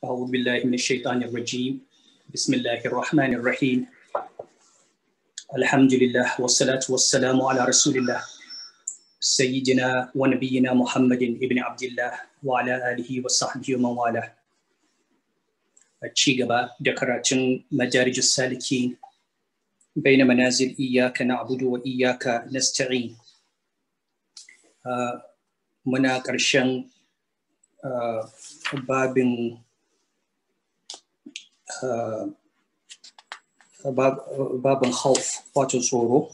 أعوذ بالله من الشيطان الرجيم بسم الله الرحمن الرحيم الحمد لله والصلاة والسلام على رسول الله سيدنا ونبينا محمد ابن عبد الله وعلى آله وصحبه ومن والاه cigaba da karatun madarijus saliki baina manazil iyaka na'budu wa iyaka nasta'in muna ƙarshen babin Uh, babin half wato tsoro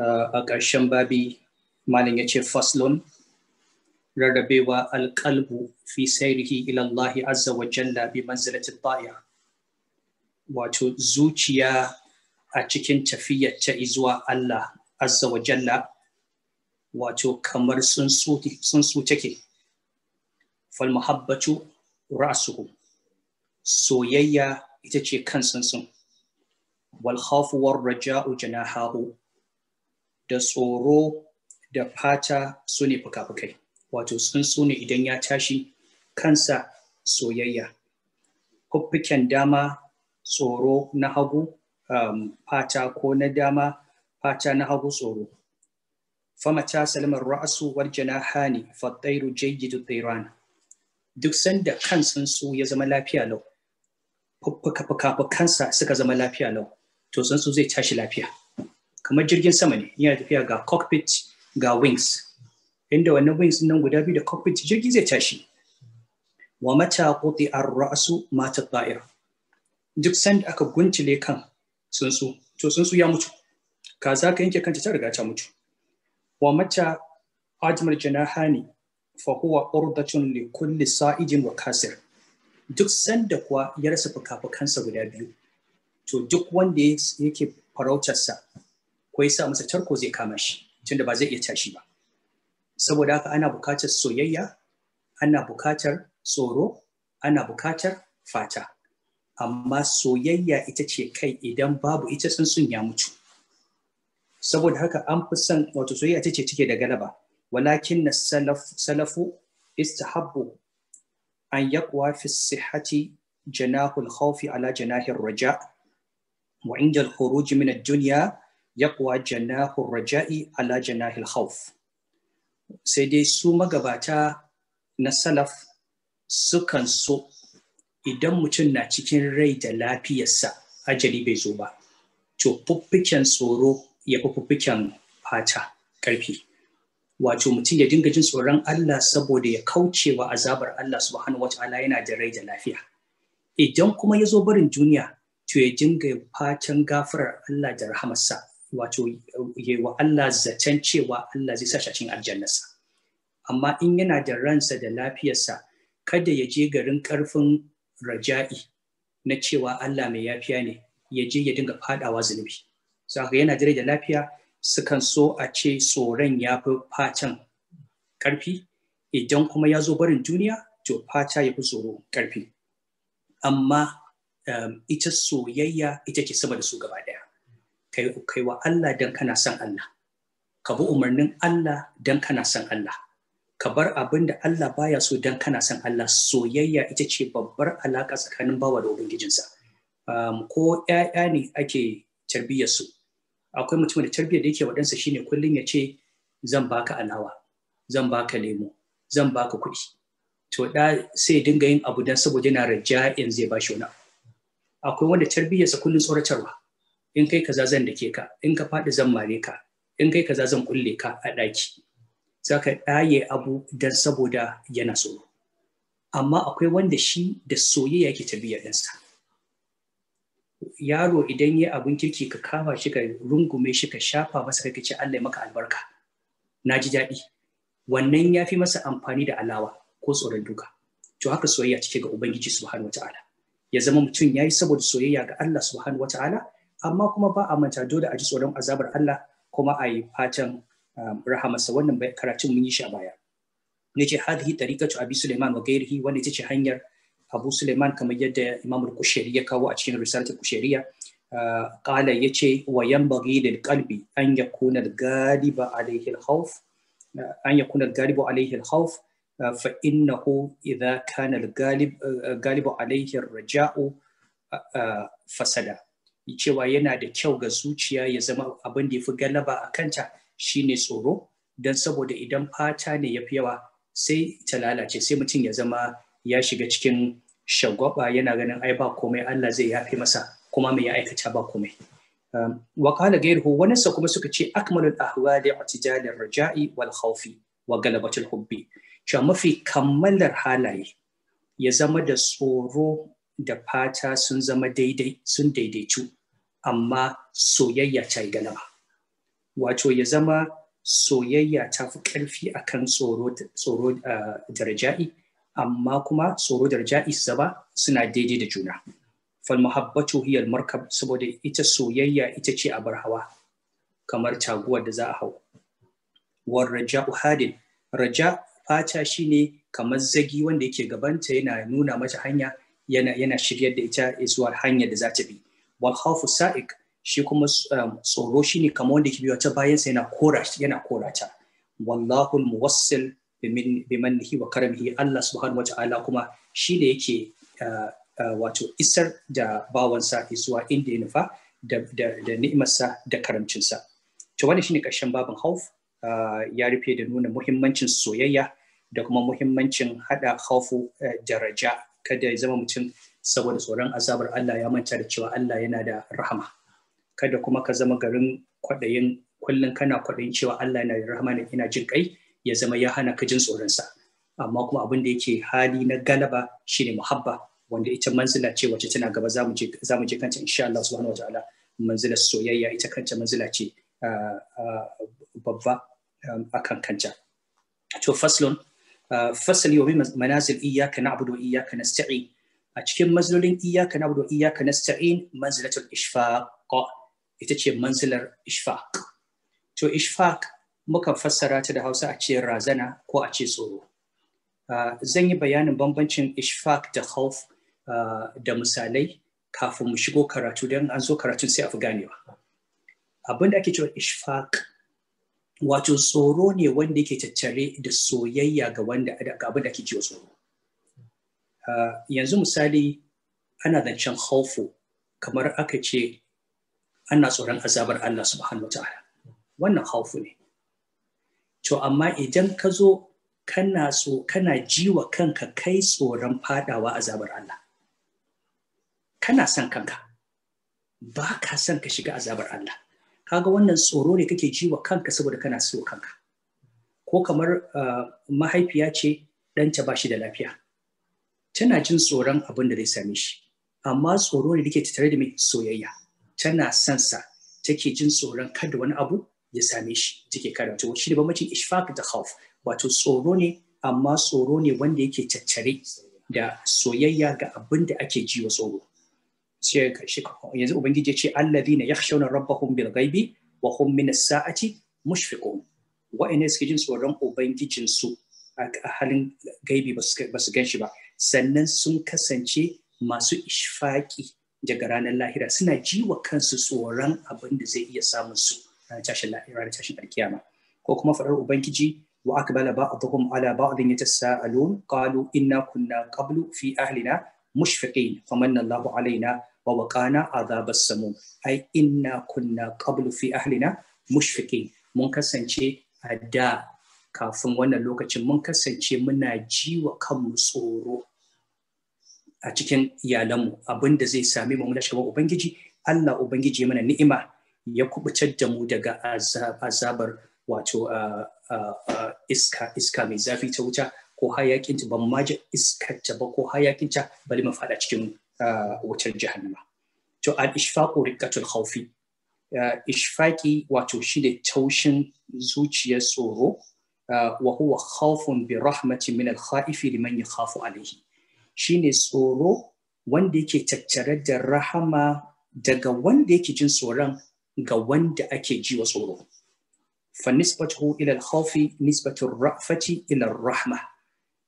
uh, a ƙarshen babi malin ya ce faslon rarrabewa alƙalbu fi sairihi ilallahi azza wa jalla bi manzilatin baya wato zuciya a cikin tafiyar ta zuwa Allah azza wa jalla wato kamar sun su take falmuhabbatu ra'asuhu soyayya ita ce kan sansan wal war raja'u janahahu da tsoro da fata su ne fuka-fukai wato sun su ne idan ya tashi kansa soyayya fuffuken dama tsoro na hagu um, fata ko na dama fata na hagu tsoro famata salmar ra'asu war janahani fattairu jayyidu tsiran duk sanda kan su ya zama lafiya lau fuka-fukansa suka zama lafiya lau to tsuntsu zai tashi lafiya kamar jirgin sama ne yana tafiya ga cockpit ga wings inda wannan wings nan guda biyu da cockpit jirgi zai tashi wa mata quti ar-ra'su mata ta'ir duk sanda aka guntule kan tsuntsu to tsuntsu ya mutu ka za ka yanke kanta ta riga ta mutu wa mata ajmal janahani fa huwa urdatun li kulli sa'ijin wa kasir duk sanda kuwa ya rasa fuka-fukansa guda biyu to duk wanda yake farautarsa ko ya sa masa tarko zai kama shi tunda ba zai iya tashi ba saboda haka ana bukatar soyayya ana bukatar tsoro ana bukatar fata amma soyayya ita ce kai idan babu ita tsuntsun ya mutu saboda haka an fi son wato soyayya ita ce cike da galaba walakin na salafu istahabbu an yakwa fi sihati janahul khawfi ala janahir raja wa inda al-khuruj min ad-dunya yakwa janahur raja'i ala janahil khawf sai dai su magabata na salaf sukan so idan mutum na cikin rai da lafiyarsa ajali bai zo ba to fuffiken tsoro ya fi fuffiken fata ƙarfi wato mutum ya dinga jin tsoron Allah saboda ya kauce wa azabar Allah subhanahu wataala yana da rai da lafiya idan kuma ya zo barin duniya to ya dinga fatan gafarar Allah da rahamarsa wato ya wa Allah zaton cewa Allah zai sa cikin aljannarsa amma in yana da ransa da lafiyarsa kada ya je garin karfin raja'i na cewa Allah mai yafiya ne ya je ya dinga fadawa zunubi saboda yana da rai da lafiya sukan so a ce tsoron ya fi facen ƙarfi idan kuma ya zo barin duniya to fata ya fi tsoro ƙarfi amma um, ita soyayya ita ke sama da su gaba ɗaya kai wa Allah don kana son Allah ka bi umarnin Allah don kana son Allah ka bar abin da Allah baya so don kana son Allah soyayya ita ce babbar alaƙa tsakanin bawa da ubangijinsa um, ko 'ya'ya ne ake tarbiyyarsu su akwai mutum da tarbiyyar da yake waɗansa shine kullum ya ce zan baka alawa zan baka lemo zan baka kuɗi to da sai dinga yin abu dan saboda yana in zai bashi wani akwai wanda tarbiyyarsa kullum tsoratarwa in kai kaza zan dake ka in ka faɗi zan mare ka in kai kaza zan kulle ka a ɗaki za ka ɗaye abu dan saboda yana tsoro amma akwai wanda shi da soyayya yake tarbiyyar ɗansa yaro idan ya abin kirki ka kama shi ka rungume shi ka shafa masa kai ka ce Allah ya maka albarka na ji daɗi wannan ya fi masa amfani da alawa ko tsoron duka to haka soyayya cike ga ubangiji subhanahu wataala ya zama mutum ya yi saboda soyayya ga Allah subhanahu wataala amma kuma ba a manta dole a ji tsoron azabar Allah kuma a yi fatan um, rahamarsa wannan karatun mun yi shi a baya ne ce hadhi tariqatu abi sulaiman wa ghairihi wanda ta ce hanyar abu suleiman kamar yadda imamul kushari ya kawo a cikin risalatul kushariya uh, qala yace wa yanbaghi lil qalbi an yakuna al galiba alaihi uh, an yakuna al alayhi al uh, fa innahu idha kana galib alayhi al raja'u fasada cewa yana da kyau ga zuciya ya zama abin da ya fi galaba a kanta shine tsoro don saboda idan fata ne ya fi yawa sai ta lalace sai mutum ya zama ya shiga cikin shagwaba yana ganin ai ba komai Allah zai yafe masa kuma mai ya aikata ba komai um, wa qala ghayruhu wa nasa kuma suka ce akmalul ahwali i'tijalur raja'i wal khawfi wa galabatul hubbi cewa mafi kammalar halaye ya zama da tsoro da fata sun zama daidai sun daidaitu amma soyayya ta yi galaba wato ya zama soyayya ta fi ƙarfi akan tsoro ah, da raja'i amma kuma tsoro da ja'is zaba suna daidai da juna fal muhabbatu hiya markab saboda ita soyayya ita ce abar hawa kamar taguwar da za a hau war raja'u hadin raja fata shine kamar zagi wanda yake gabanta yana nuna mata hanya yana yana shiryar da ita zuwa hanyar da za ta bi wal khawfu sa'iq shi kuma um, tsoro ne kamar wanda ke biyo ta bayansa yana kora yana kora ta wallahu muwassil bimannihi wa karamihi Allah subhanahu wa ta'ala kuma shi ne yake wato isar da bawansa zuwa inda ya nufa da ni'imarsa da karamcinsa to shi shine ƙarshen babin hauf ya rufe da nuna muhimmancin soyayya da kuma muhimmancin haɗa haufu daraja kada ya zama mutum saboda tsoron azabar Allah ya manta da cewa Allah yana da rahama kada kuma ka zama garin kwaɗayin kullum kana kwaɗayin cewa Allah yana da rahama yana jin kai ya zama ya hana ka jin tsoronsa amma kuma abin da yake hali na galaba shine muhabba wanda ita manzila ce wacce tana gaba za mu je kanta insha Allah subhanahu wataala manzilar soyayya ita kanta manzila ce babba um, akan kanta to faslun fasali wa manazil iyyaka na'budu wa iyyaka nasta'in a cikin manzilolin iyyaka na'budu wa iyyaka nasta'in manzilatul ishfaq ita ce manzilar ishfaq to ishfaq muka fassara ta da hausa a ce razana ko a ce tsoro zan yi bayanin bambancin Ishfak da khauf da misalai kafin mu shigo karatu don an zo karatun sai a fi ganewa abin da ake cewa ishfaq wato tsoro ne wanda yake tattare da soyayya ga wanda abin da ake cewa tsoro yanzu misali ana zancen khaufu kamar aka ce ana tsoron azabar Allah subhanahu wa ta'ala wannan khaufu ne to amma idan ka zo kana so kana jiwa kanka kai tsoron fadawa a zabar Allah kana son kanka ba ka son ka shiga a zabar Allah kaga wannan tsoro ne kake jiwa kanka saboda kana so kanka ko kamar ah, mahaifiya ce ɗanta ba shi da lafiya tana jin tsoron abin da zai same shi amma tsoro ne dake tare da mai soyayya tana son sa take jin tsoron kada wani abu ya same shi take karanta shi ne bambancin ishfaq da khauf wato tsoro ne amma tsoro ne wanda yake caccare da soyayya ga abin da ake ji wa tsoro sai karshe yanzu ubangiji ya ce alladhina yakhshawna rabbahum bil ghaibi wa hum min as-sa'ati mushfiqun wa'ina suke jin tsoron ubangijin su a halin gaibi ba su gan shi ba sannan sun kasance masu ishfaqi daga ranar lahira suna ji wa kansu tsoron abin da zai iya samun su tashin ranar tashin alkiyama ko kuma faɗar ubangiji wa akbala ba'dhum ala ba'dhin yatasaalun qalu inna kunna qablu fi ahlina mushfiqin famanna Allahu alaina wa waqana adhabas samum ai inna kunna qablu fi ahlina mushfiqin mun kasance a da kafin wannan lokacin mun kasance muna ji wa kanmu tsoro a cikin iyalanmu abin da zai sami mu muna shiga ubangiji Allah ubangiji mana ni'ima ya kubutar da mu daga azabar wato iska iska mai zafi ta wuta ko ta ban maji iskarta ba ko ta bari mu fada cikin wutar jahannama to al ishfaqu riqatul khawfi ishfaqi wato shine taushin zuciyar tsoro wa huwa khawfun bi rahmatin min al khaifi liman yakhafu alayhi shine tsoro wanda yake tattare da rahama daga wanda yake jin tsoron ga wanda ake ji wa tsoro fa nisbatuhu ila al-khawfi nisbatu rafati ila ar-rahma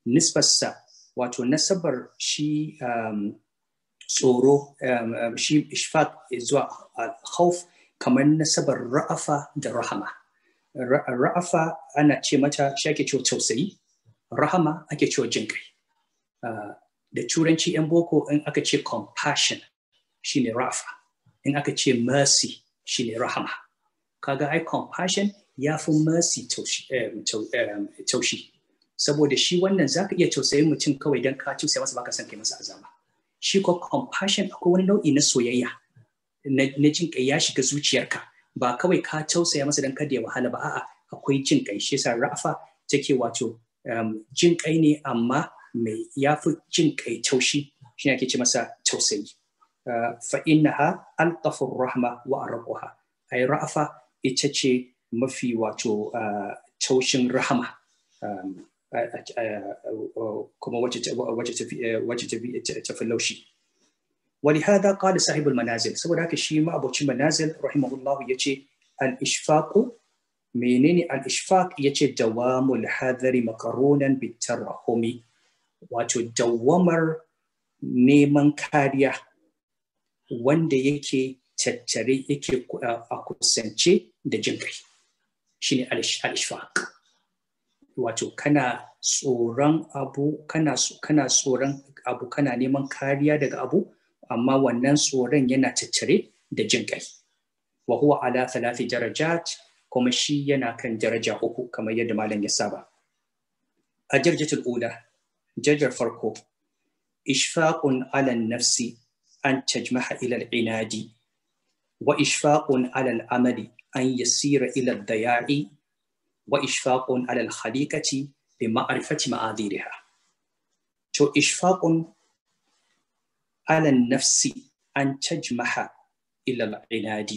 nisbarsa wato nasabar shi um, tsoro um, um, shi ishfaq zuwa khawf kamar nasabar ra'afa da rahama ra'afa ana ce mata shi ake cewa tausayi rahama ake cewa jin kai uh, da turanci yan boko in aka ce compassion shine ra'afa in aka ce mercy ne rahama kaga ai compassion ya fi mercy eh, eh, taushi saboda shi wannan za ka iya tausayin mutum kawai don ka tausaya masa baka son kai masa azaba shi ko compassion akwai wani nau'i na soyayya na jin kai ya shiga zuciyarka ba kawai ka tausaya masa don kada ya wahala ba a'a akwai jin kai shi yasa ra'afa take wato um, jin kai ne amma mai ya fi jin kai taushi shi ake ce masa tausayi fa'innaha altafur rahma wa arquha ai ra'afa ita ce mafi wato taushin rahama kuma wacce ta fi laushi ولهذا قال صاحب المنازل سبب هكا شي ما ابو منازل رحمه الله يجي الاشفاق منين الاشفاق يجي دوام الحذر مقرونا بالترحم وتدومر neman kariya wanda yake tattare yake a kusance da jin kai shine al wato kana tsoron abu kana tsoron abu kana neman kariya daga abu amma wannan tsoron yana tattare da jin kai wa huwa ala thalathi darajat kuma shi yana kan daraja uku kamar yadda malam ya saba a jarjatul ula jarjar farko ishfaqun ala nafsi أن تجمع إلى العناد وإشفاق على الأمل أن يسير إلى الضياع وإشفاق على الخليقة بمعرفة مآذيرها تو إشفاق على النفس أن تجمع إلى العناد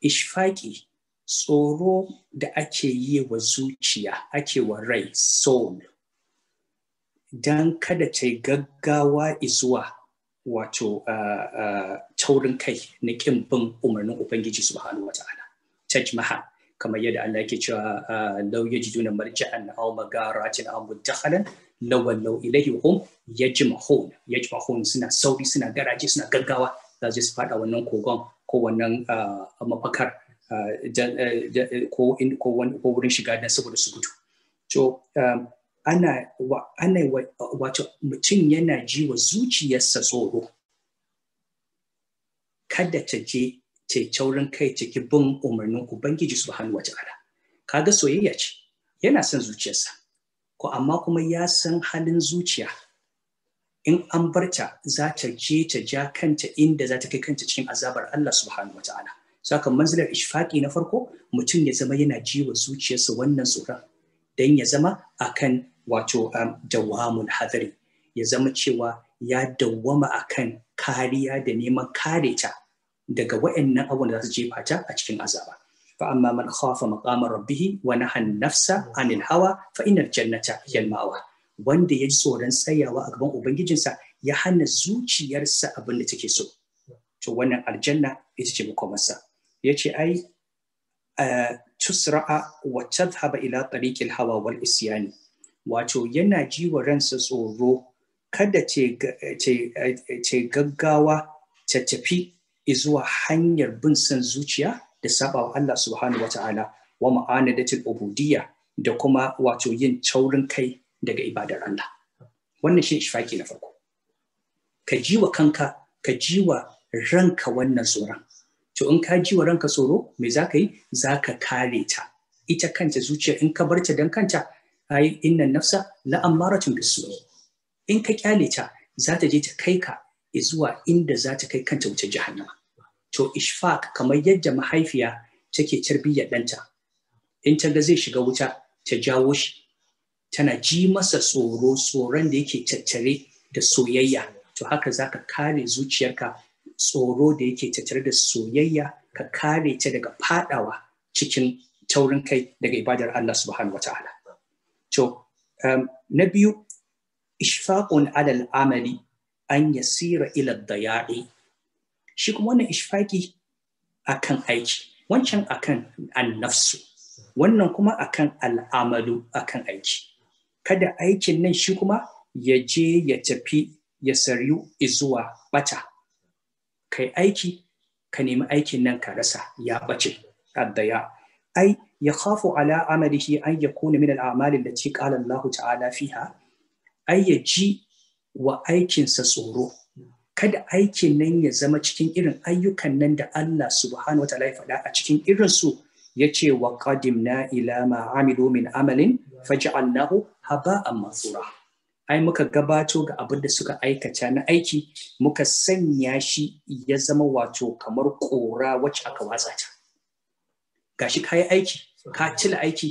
ishfaƙi tsoro da ake yi wa zuciya ake wa rai soul don kada ta yi gaggawa izuwa wato taurin kai na kin bin umarnin ubangiji subhanahu wa ta'ala tajmaha kamar yadda Allah yake cewa law yajiduna marja'an aw magaratin aw mudakhalan law law ilayhi hum yajmahun yajmahun suna sauri suna garaje suna gaggawa za su fada wannan kogon ko wannan mafakar ko wurin shiga dan saboda su gudu to ana mutum yana ji wa zuciyarsa tsoro kada ta je ta taurin kai ciki bin umarnin ubangiji hannu wa ta'ala kaga soyayya ce yana son zuciyarsa ko amma kuma ya san halin zuciya in an barta za ta je ta ja kanta inda za ta kai kanta cikin azabar Allah subhanahu wa ta'ala saka manzilar ishfaqi na farko mutum ya zama yana jiwa zuciyarsa wannan tsoron dan ya zama akan wato um, dawamun hadari ya zama cewa ya dawwama akan kariya da neman kare ta daga waɗannan abubuwan da za su jefa ta a cikin azaba fa amma man khafa maqama rabbihi wa nahan nafsa anil hawa fa innal jannata Yalmawa. wanda ya ji tsoron tsayawa a gaban ubangijinsa ya hana zuciyarsa abin da take so to wannan aljanna ita ce makomarsa ya ce ai eh, tusra'a wa tadhhaba ila tariqil hawa wal isyani wato yana ji wa ransa tsoro kada ce gaggawa ta tafi zuwa hanyar bin son zuciya da sabawa Allah subhanahu wata'ala wa ma'anadatul ubudiyya da kuma wato yin taurin kai daga ibadar Allah wannan shi ishfaki na farko ka ji wa kanka ka ji wa ranka wannan tsoron to in ka ji wa ranka tsoro me za ka yi za ka kare ta ita kanta zuciya in ka bar ta don kanta ai innan nafsa la'ammaratun bisu in ka kyale ta za ta je ta kai ka zuwa inda za ta kai kanta wuce jahannama to ishfaq kamar yadda mahaifiya take tarbiyyar danta, in ta ga zai shiga wuta ta jawo shi tana ji masa tsoro tsoron da yake tattare da soyayya to haka za ka kare zuciyarka tsoro da yake tattare da soyayya ka kare ta daga fadawa cikin taurin kai daga ibadar Allah subhanahu wataala to um, na biyu ishfaqun alal amali an yasira ila yaɗe, shi kuma wannan ishfaqi akan aiki wancan akan annafsu wannan kuma akan al'amalu akan aiki kada aikin nan shi kuma ya je ya tafi ya saryu izuwa bata kai aiki ka nemi aikin nan ka rasa ya bace ya ai يخاف على عمله أن يكون من الأعمال التي قال الله تعالى فيها أي wa وأيكن سسورو kada aikin nan ya zama cikin irin ayyukan nan da Allah subhanahu wataala ya faɗa a cikin irin su yace wa qadimna ila ma amilu min amalin faj'alnahu haba'an mansura ai muka gabato ga abin da suka aikata na aiki muka sanya shi ya zama wato kamar kora wacce aka watsa ta gashi kayi aiki ka cila aiki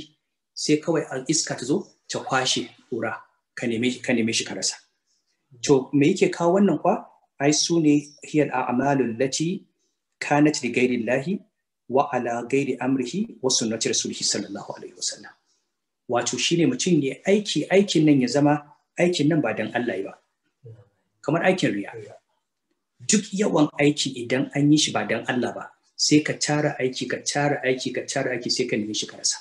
sai kawai an iska ta zo ta kwashe kura ka neme shi ka rasa to me yake kawo wannan kwa ai su ne hiyal a'malul lati kanat li ghairi llahi wa ala ghairi amrihi wa sunnati rasulihi sallallahu alaihi wasallam wato shine mutum ne aiki aikin nan ya zama aikin nan ba dan Allah ba kamar aikin riya duk yawan aiki idan an yi shi ba dan Allah ba sai ka tara aiki ka tara aiki ka tara aiki sai ka nemi shi ka rasa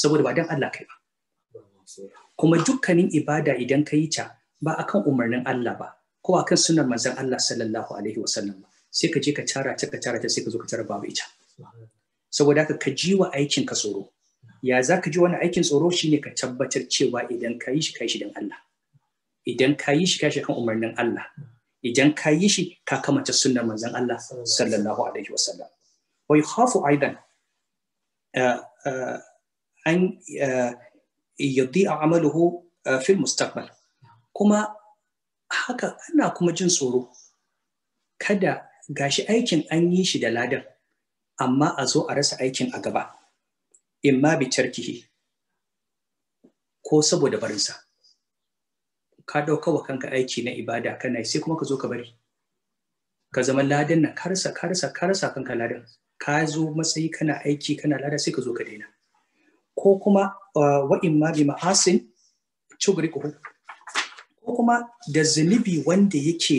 saboda ba dan Allah kai ba kuma dukkanin ibada idan ka yi ta ba akan umarnin Allah ba ko akan sunan manzon Allah sallallahu alaihi wasallam ba sai ka je ka tara ta ka tara ta sai ka zo ka tara babu ita saboda haka ka ji wa aikin ka tsoro ya za ka ji wani aikin tsoro shine ka tabbatar cewa idan ka yi shi ka yi shi don Allah idan ka yi shi ka shi kan umarnin Allah idan ka yi shi ka kamata sunnar manzon Allah sallallahu alaihi wasallam wa yakhafu aidan eh, eh, an eh, yaddi amaluhu fil mustaqbal kuma haka ana kuma jin tsoro kada gashi aikin an yi shi da ladan amma a zo a rasa aikin a gaba imma bi tarkihi ko saboda barinsa ka ɗauka wa kanka aiki na ibada kana sai kuma ka zo ka bari ka zama ladan na karsa karsa karsa kanka ladan ka zo matsayi kana aiki kana lada sai ka zo ka daina ko kuma wa in ma bi ma'asin ko kuma da zunubi wanda yake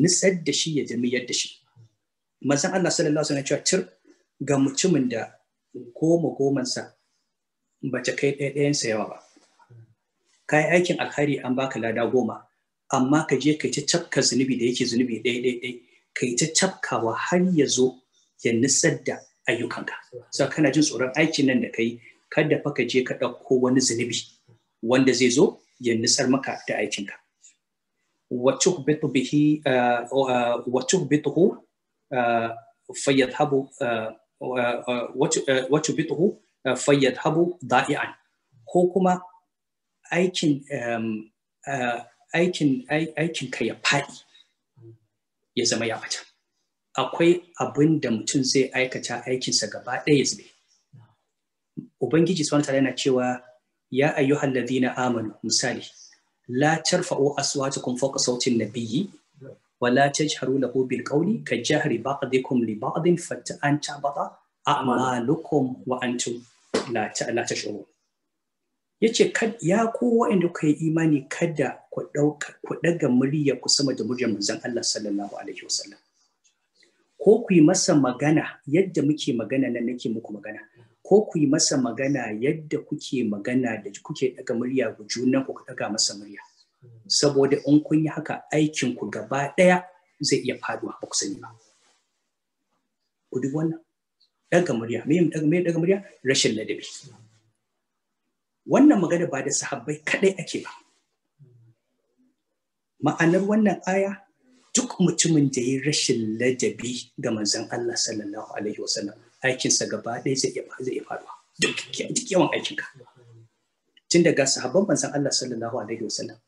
nitsar da shi ya zami yadda shi manzon Allah sallallahu alaihi wasallam ce ga mutumin da goma gomansa ba ta kai ɗaya ɗayansa yawa ba ka yi aikin alkhairi an baka lada goma amma ka je ka yi ta zunubi da yake zunubi ɗaya ɗaya ɗaya ka yi ta har ya zo ya nisar da ayyukanka sa kana jin tsoron aikin nan da ka yi kada fa ka je ka ɗauko wani zunubi wanda zai zo ya nisar maka da aikinka Wacce به وتهبطه فيذهب وتهبطه da'i'an ko kuma aikin um, uh, aikin aikin ka ya faɗi ya zama ya bata akwai abin da mutum zai aikata aikinsa gaba ɗaya ya zube ubangiji subhanahu yana cewa ya ayyuhal ladina amanu misali la tarfa'u aswatukum fawqa sawti nabiyyi wa la tajharu lahu bil qawli ka jahri ba'dikum li ba'din fatta an tabata a'malukum wa antum la ta'lamun ya ce ya ku wa'anda kuka yi imani kada ku ɗaga murya ku sama da muryar manzon Allah sallallahu alaihi wasallam ko ku yi masa magana yadda muke magana nan nake muku magana ko ku yi masa magana yadda kuke magana da kuke ɗaga murya ku juna ku ɗaga masa murya saboda in kun yi haka aikin ku gaba ɗaya zai iya faduwa ba ku sani ba ku duk wannan ɗaga murya me ɗaga murya rashin ladabi wannan magana ba da sahabbai kadai ake ba ma'anar wannan aya duk mutumin da ya rashin ladabi ga manzon Allah sallallahu alaihi wasallam aikinsa gaba ɗaya zai iya faruwa duk yawan aikinka tun daga sahabban manzon Allah sallallahu alaihi wasallam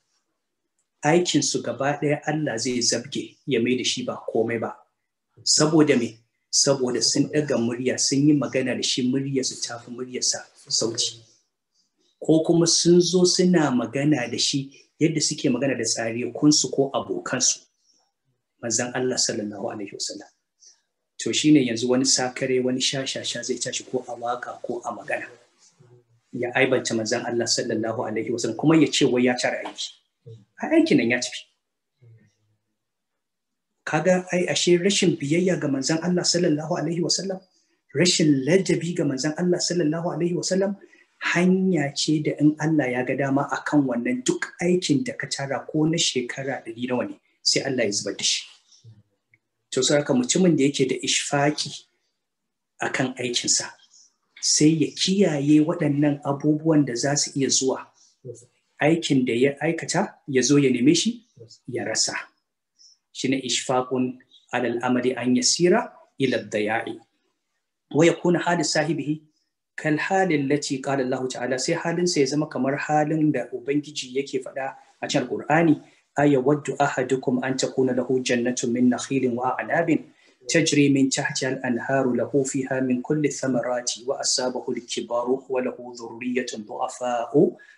aikin su gaba ɗaya Allah zai zabge ya mai da shi ba komai ba saboda me saboda sun ɗaga murya sun yi magana da shi murya su tafi muryarsa sauti ko kuma sun zo suna magana da shi yadda suke magana da tsari kunsu ko abokansu manzan Allah sallallahu alaihi wasallam to shine yanzu wani sakare wani shashasha zai tashi ko a waka ko a magana ya aibanta manzan Allah sallallahu alaihi wasallam kuma ya ce wai ya tara aiki a aikin nan ya tafi kaga ai ashe rashin biyayya ga manzan Allah sallallahu alaihi wasallam rashin ladabi ga manzan Allah sallallahu alaihi wasallam hanya ce da in Allah ya ga dama a kan wannan duk aikin da ka tara ko na shekara ɗari nawa ne sai Allah ya zubar da shi to saka mutumin da yake da ishfaki kan aikinsa sai ya kiyaye waɗannan abubuwan da za su iya zuwa aikin da ya aikata ya zo ya neme shi ya rasa shi na ishfaqun alal amali an yasira ila ya'i. wa kuna hali sahibihi kal halin lati qala Allah ta'ala sai halin sa ya zama kamar halin da ubangiji yake faɗa a cikin Qur'ani aya waddu ahadukum an takuna lahu jannatun min nakhilin wa anabin تجري من تحتها kulli Samarati, فيها من كل الثمرات وأصابه الكبار وله ذرية ضعفاء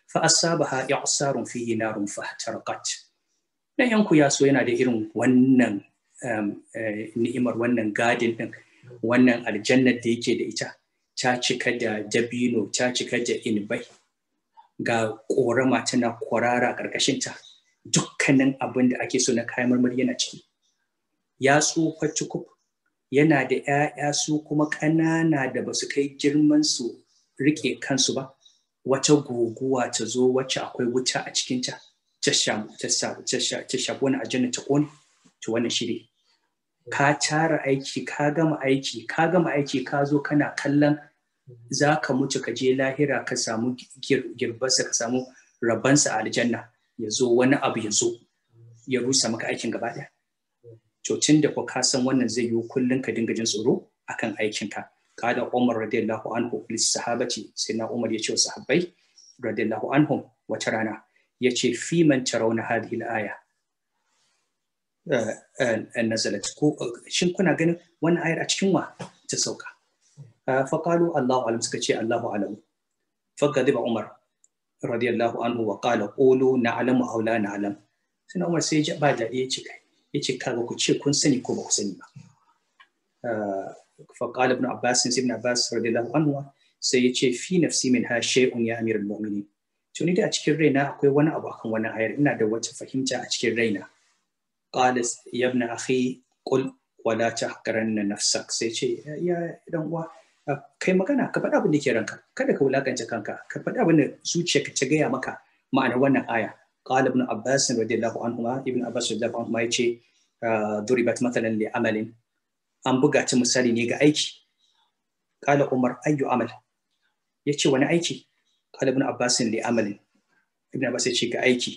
فأصابها إعصار فيه نار فاحترقت na yanku ya so yana da irin wannan um, eh, ni'imar wannan gadin din wannan aljannar da yake da ita ta cika da dabino ta cika da inibai ga korama tana kwarara ƙarƙashinta dukkanin abin da ake so na kayan marmari yana ciki ya tsufa cukup yana da 'ya'ya su kuma ƙanana da ba su kai girman su rike kansu ba wata guguwa ta zo wacce akwai wuta a cikinta ta shabu ta shabu ta ajiyar ta ƙone to wannan ka cara aiki ka gama aiki ka gama aiki ka zo kana kallon za ka mutu ka je lahira ka samu girbarsa ka samu rabansa a aljanna ya zo wani abu ya zo ya rusa maka aikin gaba ɗaya tun da ka san wannan zai yi kullum ka dinga jin tsoro akan aikin ka kada umar radiyallahu anhu lis sahabati sai na umar ya ce wa sahabbai radiyallahu anhum wata rana ya ce fi man tarawna hadhihi al-aya Eh, eh, eh, nazalat ko shin kuna ganin wannan ayar a cikin wa ta sauka qalu Allahu alam suka ce Allahu alam faqadiba Umar radiyallahu anhu wa qala qulu na'lamu aw la na'lam sai Umar sai ya ba da ya ce kai ya ce kaga ku ce kun sani ko ba ku sani ba qala ibn Abbas ibn Abbas radiyallahu anhu sai ya ce fi nafsi min ha shay'un ya amirul mu'minin to ni da a cikin raina akwai wani abu akan wannan ayar ina da wata fahimta a cikin raina qala ya ibn akhi qul wala na nafsak sai ce ya dan uwa kai magana ka faɗa abin da ke ranka kada ka wulakanta kanka ka faɗa abin da zuciyarka ta gaya maka ma'anar wannan aya qala ibn abbas radiyallahu anhuma ibn abbas radiyallahu anhuma yace ah, duribat matalan li amalin an buga ta misali ne ga aiki qala umar ayyu amal ce wani aiki qala ibn abbas li amalin ibn abbas ce ga aiki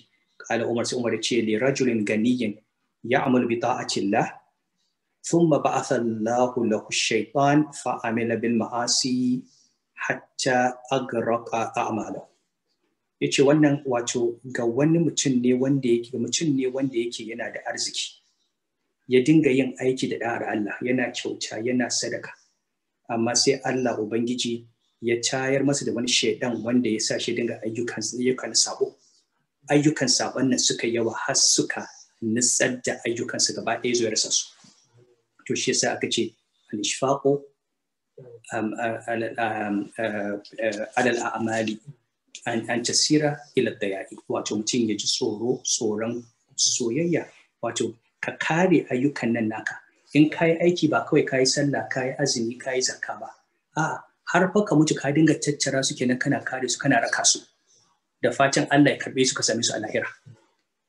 qala umar sai umar ya yace li rajulin ganiyyin ya'malu bi ta'atillah ثم بعث الله له الشيطان فعمل بالمعاصي حتى أغرق أعماله yace wannan wato ga wani mutum ne wanda yake mutum ne wanda yake yana da arziki ya dinga yin aiki da da'ar Allah yana kyauta yana sadaka amma sai Allah ubangiji ya tayar masa da wani shaidan wanda ya sa shi dinga ayyukan ayyukan sabo ayyukan saban suka yawa har suka nutsar da ayyukansu gaba ɗaya zuwa rasa su to shi yasa aka ce al-ishfaqu alal a'mali an tasira ila daya'i wato mutum ya ji tsoro tsoron soyayya wato ka kare ayyukan nan naka in ka yi aiki ba kawai ka yi sallah ka yi azumi ka yi zakka ba a har fa ka mutu ka dinga tattara su kenan kana kare su kana raka su da fatan Allah ya karbe su ka same su a lahira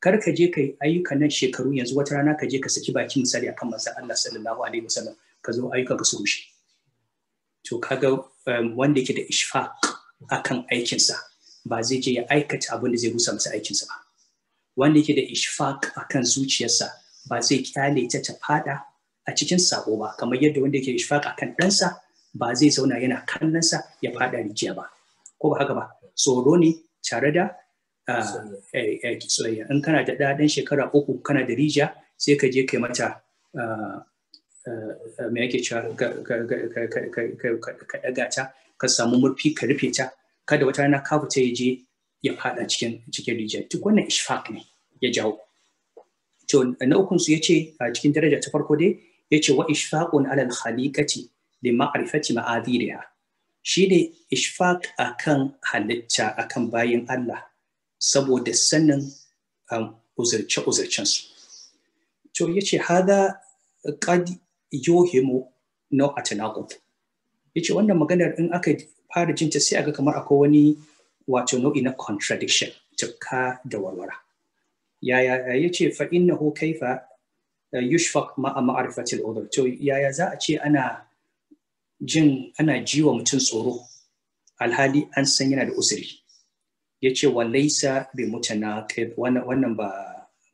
kar ka je ka yi ayyuka nan shekaru yanzu wata rana ka je ka saki baki misali akan manzon Allah sallallahu alaihi wasallam ka zo ayyuka ka su rushe to kaga um, wanda yake da ishfaq akan aikinsa ba zai je ya aikata abin da zai rusa masa aikinsa ba wanda yake da ishfaq akan zuciyarsa ba zai kyale ta ta fada a cikin sako ba kamar yadda wanda yake ishfaq akan ɗansa ba zai zauna yana kallonsa ya fada rijiya ba ko ba haka ba tsoro ne tare da Ah, soyayya eh, eh, in kana da ɗa ɗan shekara uku kana da rija sai ka je kai mata ah, ah, me ake cewa ka ɗaga ta ka samu murfi ka rufe ta kada wata rana kafu ta je ya faɗa cikin cikin rija duk wannan ishfaq ne ya jawo to na ukun su yace a cikin daraja ta farko dai yace wa ishfaqun ala al-khaliqati li ma'rifati ma'adiriha shi ne ishfaq akan halitta akan bayin Allah saboda sanin um, uzurce-uzurcensu. To ya ce, hada ƙad yohimu no atanagot. Ya ce, wannan maganar in aka fara jinta sai aga kamar akwai wani wato nau'i na contradiction, tukka da warwara. Yaya ya ce, fa'innahu kaifa yushfaq ma'a ma'arifatil udur. To yaya za a ce ana jin ana jiwa mutum tsoro alhali an san yana da uzuri. ya ce wa laisa bi na wannan ba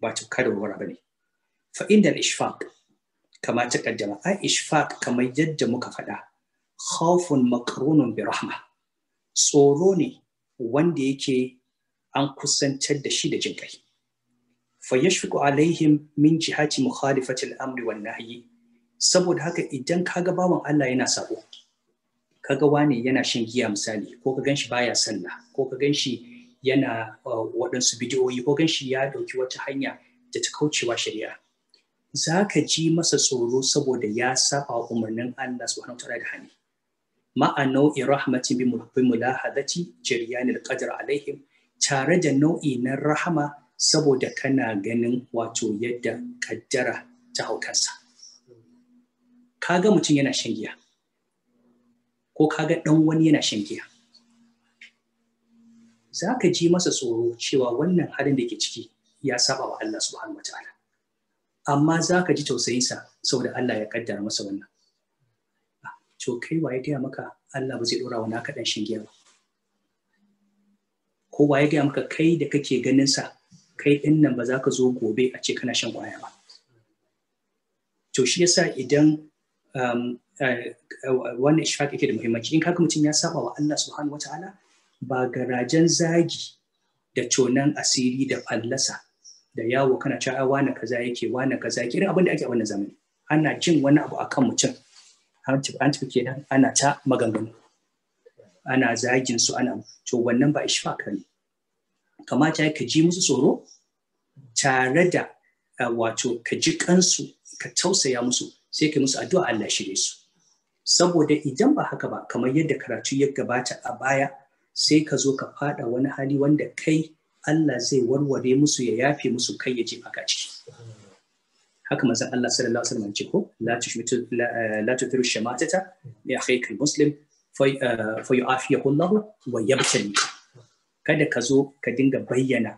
ba tukarwar ba ne. inda ishfaq kama ta kaddama a ishfaq kamar yadda muka faɗa khawfun makaronin bi rahma tsoro ne wanda yake an kusantar da shi da jin kai fa yashfiqu alaihim min jihati mukhalifati amri wan nahyi saboda haka idan kaga bawan Allah yana sabo kaga wane yana shan giya misali ko ka ganshi baya sallah ko ka ganshi yana uh, waɗansu bidiyoyi ko ganshi ya ɗauki wata hanya da ta kaucewa shari'a za ka ji masa tsoro saboda ya saba umarnin Allah hannu tare da hannu. ma'a nau'i rahmatin bi mulahadati da qadar alaihim tare da nau'i na rahama saboda kana ganin wato yadda kaddara ta hau kansa ga mutum yana shan giya ko ka ga ɗan wani yana shan giya za ka ji masa tsoro cewa wannan halin da ke ciki ya saba wa Allah subhanahu wataala amma za ka ji tausayinsa saboda Allah ya kaddara masa wannan ah, to kai waye gaya maka Allah ba zai dora wa naka dan shingiya ba ko waye gaya maka kai da kake ganin sa kai din nan ba za ka zo gobe a ce kana shan kwaya ba to shi yasa idan um, eh, eh, wannan shafi yake da muhimmanci in kaga mutum ya saba wa Allah subhanahu wataala ba garajen zagi da conan asiri da fallasa da yawo kana cewa wani kaza yake na kaza yake irin abin da ake a wannan zamani ana jin wani abu akan mutum an ke nan ana ta maganganu ana zagin su ana to wannan ba ka ne kamata ka ji musu tsoro tare da wato ka ji kansu ka tausaya musu sai ka musu addu'a Allah shirye su saboda idan ba haka ba kamar yadda karatu ya gabata a baya sai ka zo ka fada wani hali wanda kai Allah zai warware musu ya yafe musu kai ya jefa ka ciki haka manzon Allah sallallahu alaihi wasallam ce ko la tushmitu la eh, shamatata li akhika muslim fa eh, yu'afiyahu Allah wa yabtali kada ka zo ka dinga bayyana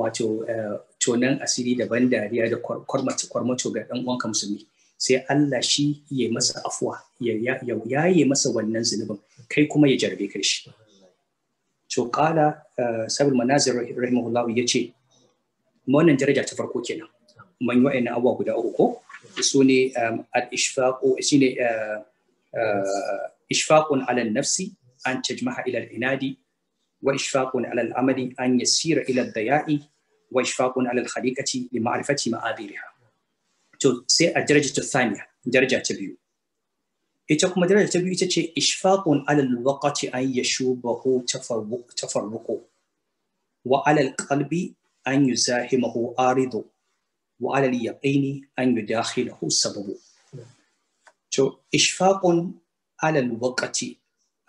wato eh, tonan asiri da ban dariya da kwarmato kwarmato ga dan uwanka musulmi sai Allah shi ya masa afuwa ya yaye masa wannan zunubin kai kuma ya jarbe kai shi To kala eh, sabul manazir rahimahullah ya ce wannan daraja ta farko kenan man yi wa'annan abubuwa guda uku ko su ne eh, al-ishfaqu shine eh, ishfaqun ala nafsi an tajmaha ila al-inadi wa ishfaqun ala al-amali an yasira ila al-daya'i wa ishfaqun ala al-khaliqati li ma'rifati ma'adiriha to sai a daraja ta thaniya daraja ta biyu ita kuma daraja ta biyu ita ce ishfaqun alal waqati an yashubahu tafarruqu wa alal qalbi an yuzahimahu aridu wa alal yaqini an yudakhilahu sababu to ishfaqun alal waqati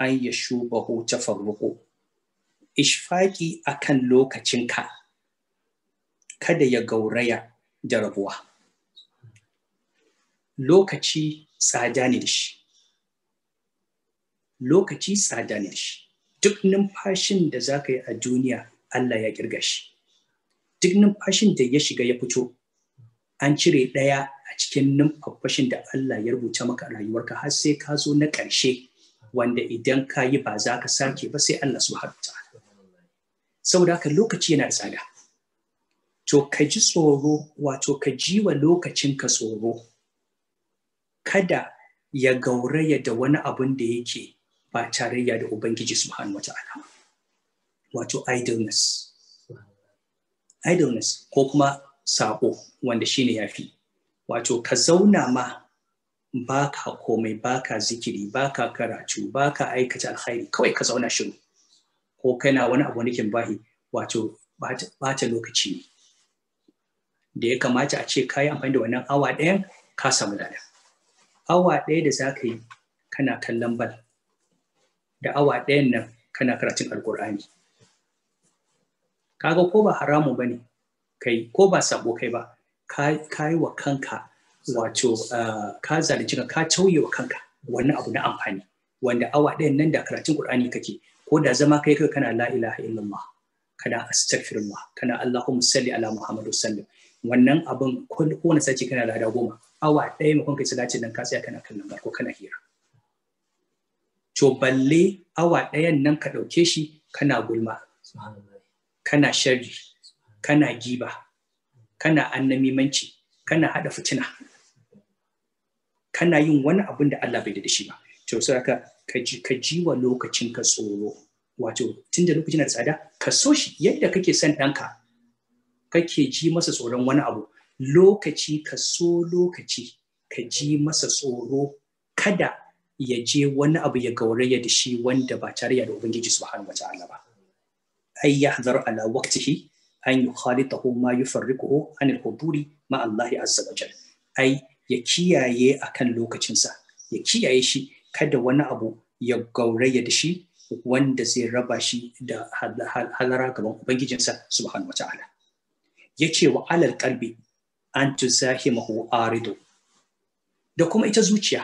an yashubahu tafarruqu ishfaqi akan lokacinka kada ya gauraya da rabuwa lokaci tsada ne da shi lokaci tsada ne shi duk numfashin da za ka yi a duniya Allah ya kirga shi duk numfashin da ya shiga ya fito an cire ɗaya a cikin numfashin da Allah ya rubuta maka rayuwarka har sai ka zo na ƙarshe wanda idan ka yi ba za ka sake ba sai Allah su haɗuta saboda haka lokaci yana da tsada to ka ji tsoro wato ka ji wa lokacinka tsoro kada ya gauraya da wani abun da yake ba tarayya da ubangiji subhanahu wata'ala wato idleness idleness ko kuma sako wanda shine yafi wato ka zauna ma baka komai baka zikiri baka karatu baka aikata alkhairi kawai ka zauna shiru ko kana wani abu nikin bahi wato bata lokaci ne da ya kamata a ce ka yi amfani da wannan awa ɗayan ka samu lada awa ɗaya da za ka yi kana kallon bal da awa ɗayan nan kana karatun alkur'ani kaga ko ba haramu ba ne kai ko ba sabo kai ba ka yi wa kanka wato ka zalunci ka cauye wa kanka wani abu na amfani wanda awa ɗayan nan da karatun qur'ani kake ko da zama kai kai kana la ilaha illallah kana astaghfirullah kana allahumma salli ala muhammadu sallam wannan abin kowane sace kana lada goma awa ɗaya maimakon kai salati nan ka tsaya kana kallon ko kana hira so balle awa ɗayan nan ka ɗauke shi kana gulma kana sharri kana giba kana annamimanci kana haɗa fitina kana yin wani abin da Allah bai da shi ba to sai ka ji wa lokacin ka tsoro wato tunda lokacin da tsada ka so shi yadda kake son ɗanka kake ji masa tsoron wani abu lokaci ka so lokaci ka ji masa tsoro kada ya je wani abu ya gauraya da shi wanda ba tarayya da ubangiji subhanahu wataala ba ya yahzaru ala waqtihi an yukhalitahu ma yufarriquhu an al-huduri ma Allah azza wa ai ya kiyaye akan lokacinsa ya kiyaye shi kada wani abu ya gauraya da shi wanda zai raba shi da halara gaban ubangijinsa subhanahu wataala yace wa alal qalbi an tuzahimahu aridu da kuma ita zuciya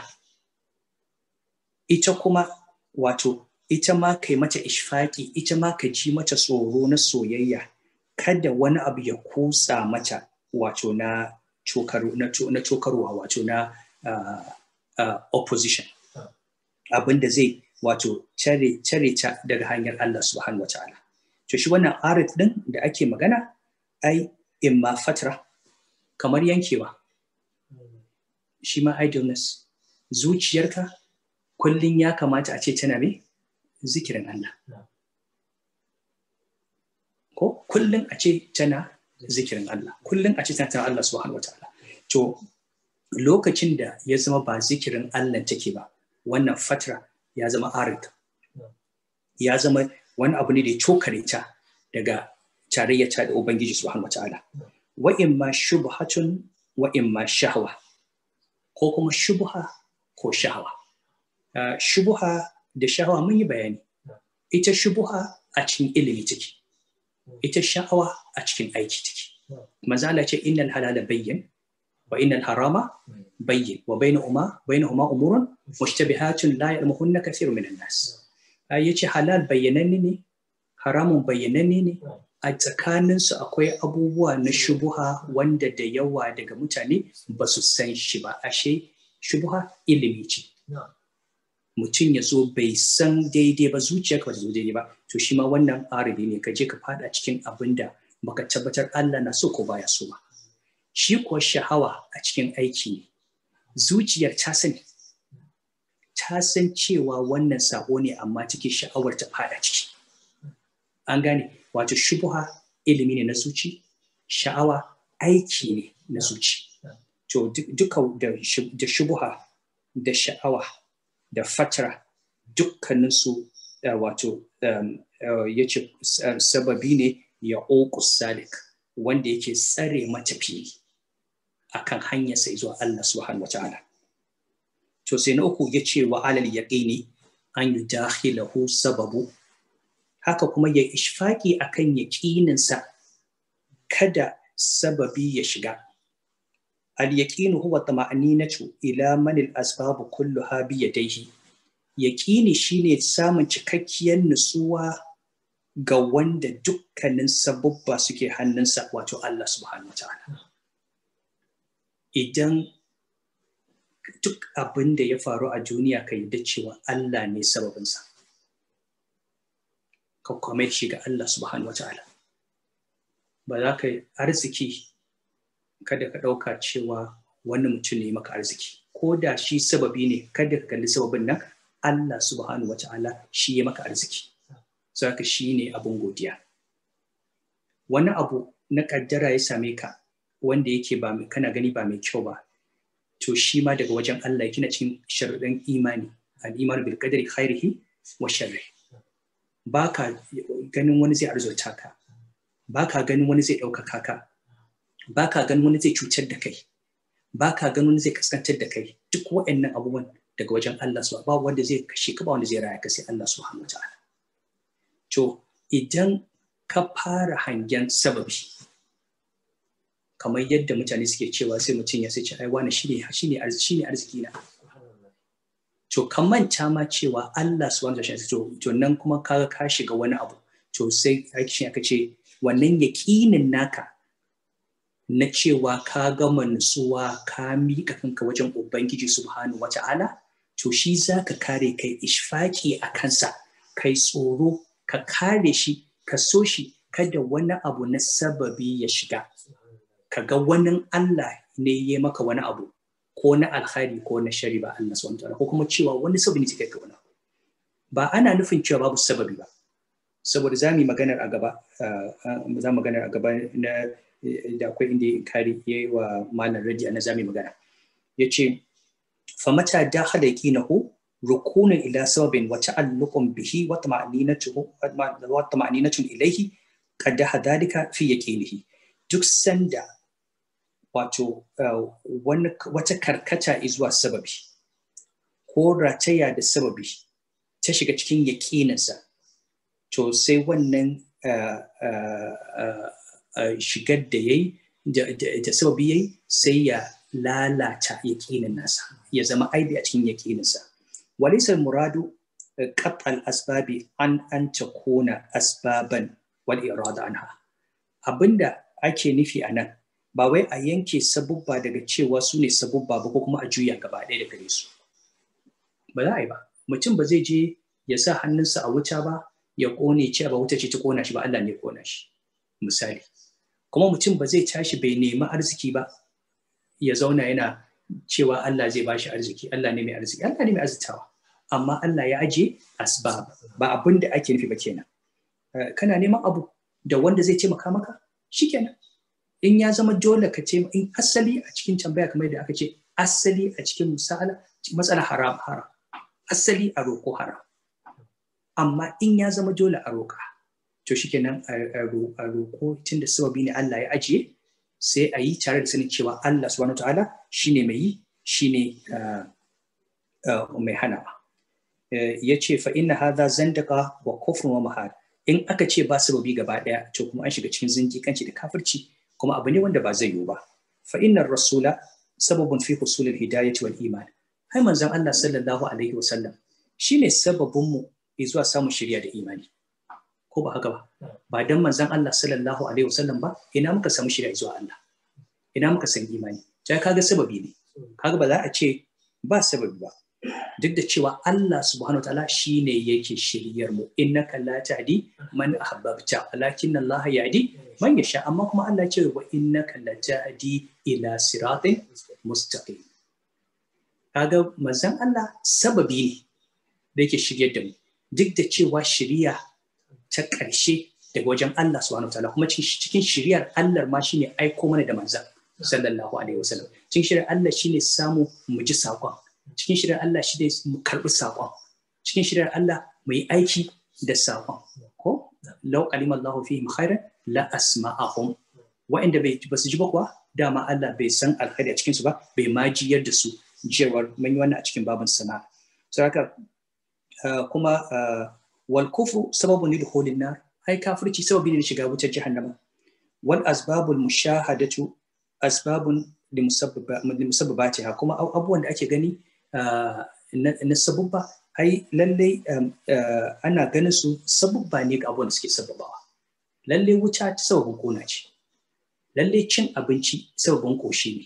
ita kuma wato ita ma kai mata ishfaki ita ma ka ji mata tsoro na soyayya kada wani abu ya kusa mata wato na cokarwa wato na opposition abin zai wato cire ta daga hanyar Allah subhanahu wataala to shi wannan arif din da ake magana ai imma fatra kamar yankewa shi ma idleness zuciyarka kullum ya kamata a ce tana mai zikirin Allah ko kullum a ce tana zikirin Allah kullum a ce tana tana Allah subhanahu wa ta'ala to lokacin da ya zama ba zikirin Allah take ba wannan fatra ya zama arid ya zama wani abu ne da ya cokare ta daga tarayya ta da ubangiji subhanahu wa ta'ala wa imma shubhatun wa ma shahwa ko kuma shubha ko shahwa Ah, shubuha da sha'awa mun yi bayani ita shubuha a cikin ilimi take ita sha'awa a cikin aiki take mazala ce innal halala bayyin wa innal harama bayyin wa bainahuma umma umurun mushtabihatun la ya'lamuhunna kathirun minan nas ah, yace halal bayyananne ne haramun bayyananne ne a tsakanin su akwai abubuwa na shubuha wanda da yawa daga mutane ba su san shi ba ashe shubuha ilimi ce mutum ya zo bai san daidai ba zuciyarka ka ta zo daidai ba to shi ma wannan arabi ne ka je ka fada cikin abin da baka tabbatar Allah na so ko baya so ba shi ko shahawa a cikin aiki ne zuciyar ta sani ta san cewa wannan sako ne amma take sha'awar ta fada ciki an gane wato shubuha ilimi ne na zuci sha'awa aiki ne na zuci to duka da shubuha da sha'awa da fatra dukkaninsu eh, wato um, eh, ya ce eh, sababi ne ya okus salik wanda yake tsare matafiyi akan hanyarsa zuwa Allah subhanahu wata'ala to sai na uku ya ce wa alal yaqini an dahilahu sababu haka kuma ya ishfaki akan yaƙininsa kada sababi ya shiga al-yaqinu huwa tama'aninatu ila manil asbabu kulluha bi yadayhi yaqini shine samun cikakkiyar nutsuwa ga wanda dukkanin sabubba suke hannunsa wato Allah subhanahu idan duk abinda ya faru a duniya ka yadda cewa Allah ne sababinsa ka kome shi ga Allah subhanahu ba za ka arziki kada ka ɗauka cewa wannan mutum ne maka arziki ko da shi sababi ne kada ka kalli sababin nan Allah subhanahu Ta'ala, shi ya maka arziki saka shi ne abun godiya wani abu na kaddara ya same ka wanda yake ba kana gani ba mai kyau ba to shi ma daga wajen Allah yake na cikin sharuɗan imani al-iman bil qadari khairihi wa sharrihi baka ganin wani zai arzuta ka baka ganin wani zai ɗaukaka ka ba ka ganin wani zai cutar da kai ba ka ganin wani zai kaskantar da kai duk waɗannan abubuwan daga wajen Allah su ba wanda zai kashe ka ba wanda zai raya ka sai Allah subhanahu wataala to idan ka fara hangen sababi kamar yadda mutane suke cewa sai mutum ya sai ce ai wani shine shine arziki arziki na to kan manta ma cewa Allah subhanahu wataala to to nan kuma ka ka shiga wani abu to sai aikin aka ce wannan yakinin naka na cewa ka gama nutsuwa ka miƙa kanka wajen ubangiji subhanahu wata'ala to shi za ka kare kai ishfaki a kansa kai tsoro ka kare shi ka so shi kada wani abu na sababi ya shiga ka ga wani Allah ne ya maka wani abu ko na alkhairi ko na shari ba Allah subhanahu ko kuma cewa wani sababi ne take ka wani ba ana nufin cewa babu sababi ba saboda za mu maganar a eh, eh, za mu maganar a gaba na da akwai inda ya inkari ya wa malam radi na zami magana ya ce fa mata da halaki na hu rukunin ila sababin wata allukun bihi wata ma'aninacin ilaihi kada hadalika fi yakinihi duk sanda wato uh, wata karkata izuwa sababi ko rataya da sababi ta shiga cikin yaƙinansa to sai wannan uh, uh, shigar da yayi da sababi yayi sai ya lalata yaƙinin nasa ya zama aibi a cikin yaƙininsa walisar muradu eh, qat'al asbabi an an ta kona asbaban wal irada anha abinda ake nufi a nan ba wai a yanke sabubba daga cewa su ne sabubba ba ko kuma a juya gaba ɗaya daga gare su ba za a yi ba mutum ba zai je ya sa hannunsa a wuta ba ya kone ce ba wuta ce ta kona shi ba Allah ne kona shi misali kuma mutum ba zai tashi bai nemi arziki ba ya zauna yana cewa Allah zai bashi arziki Allah ne mai arziki Allah ne mai azitawa amma Allah ya aje asbab ba abin da ake nufi ba kenan eh, kana neman abu da wanda zai taimaka maka shikenan in ya zama dole ka ce in asali a cikin tambaya kamar da aka ce asali a cikin misala matsala haram haram asali a roko haram amma in ya zama dole a roka to shi kenan a tun da sababi ne Allah ya ajiye sai a yi tare da sanin cewa Allah subhanahu ta'ala shine mai yi shine mai hanawa ya ce fa inna hadha zandaka wa kufrun wa mahar in aka ce ba sababi gaba daya to kuma an shiga cikin kanci da kafirci kuma abu ne wanda ba zai yiwu ba fa inna rasula sababun fi husulil hidayati wal iman Hai manzon Allah sallallahu alaihi wasallam shine sababin mu zuwa samun shirya da imani ko ba haka ba hmm. ba dan manzon Allah sallallahu alaihi wasallam ba ina muka samu shirya zuwa Allah ina muka san imani ja kaga sababi ne kaga ba za a ce ba sababi ba duk da cewa Allah subhanahu wataala shine yake shiryar mu innaka la tahdi man ahbabta walakin Allah yahdi man yasha amma kuma Allah ya ce wa innaka la tahdi ila siratin mustaqim kaga manzon Allah sababi ne da yake shiryar da mu duk da cewa shiriya ta ƙarshe daga wajen Allah subhanahu wataala kuma cikin shiriyar Allah ma shine aiko mana da manza. sallallahu alaihi wasallam cikin shiriyar Allah shine samu mu ji sakon cikin shiriyar Allah shine mu karɓi sakon cikin shiriyar Allah mu yi aiki da sakon ko law qalima Allahu fihim khairan la asma'ahum inda bai basu ji ba kuwa dama Allah bai san alkhairi a cikin su ba bai ma ji da su jiyarwar mun yi wannan a cikin babin sana'a saraka ah, kuma ah, wal kufru sababun lidkhulin nar ai kafirci sababi ne shiga wutar jahannama wal asbabul mushahadatu asbabun ha, kuma abubuwan da ake gani ah, na sababba ai lallai um, ah, ana ganin su sababba ne ga abubuwan da suke sababawa lallai wuta ta sababin kona ce lallai cin abinci sababin koshi ne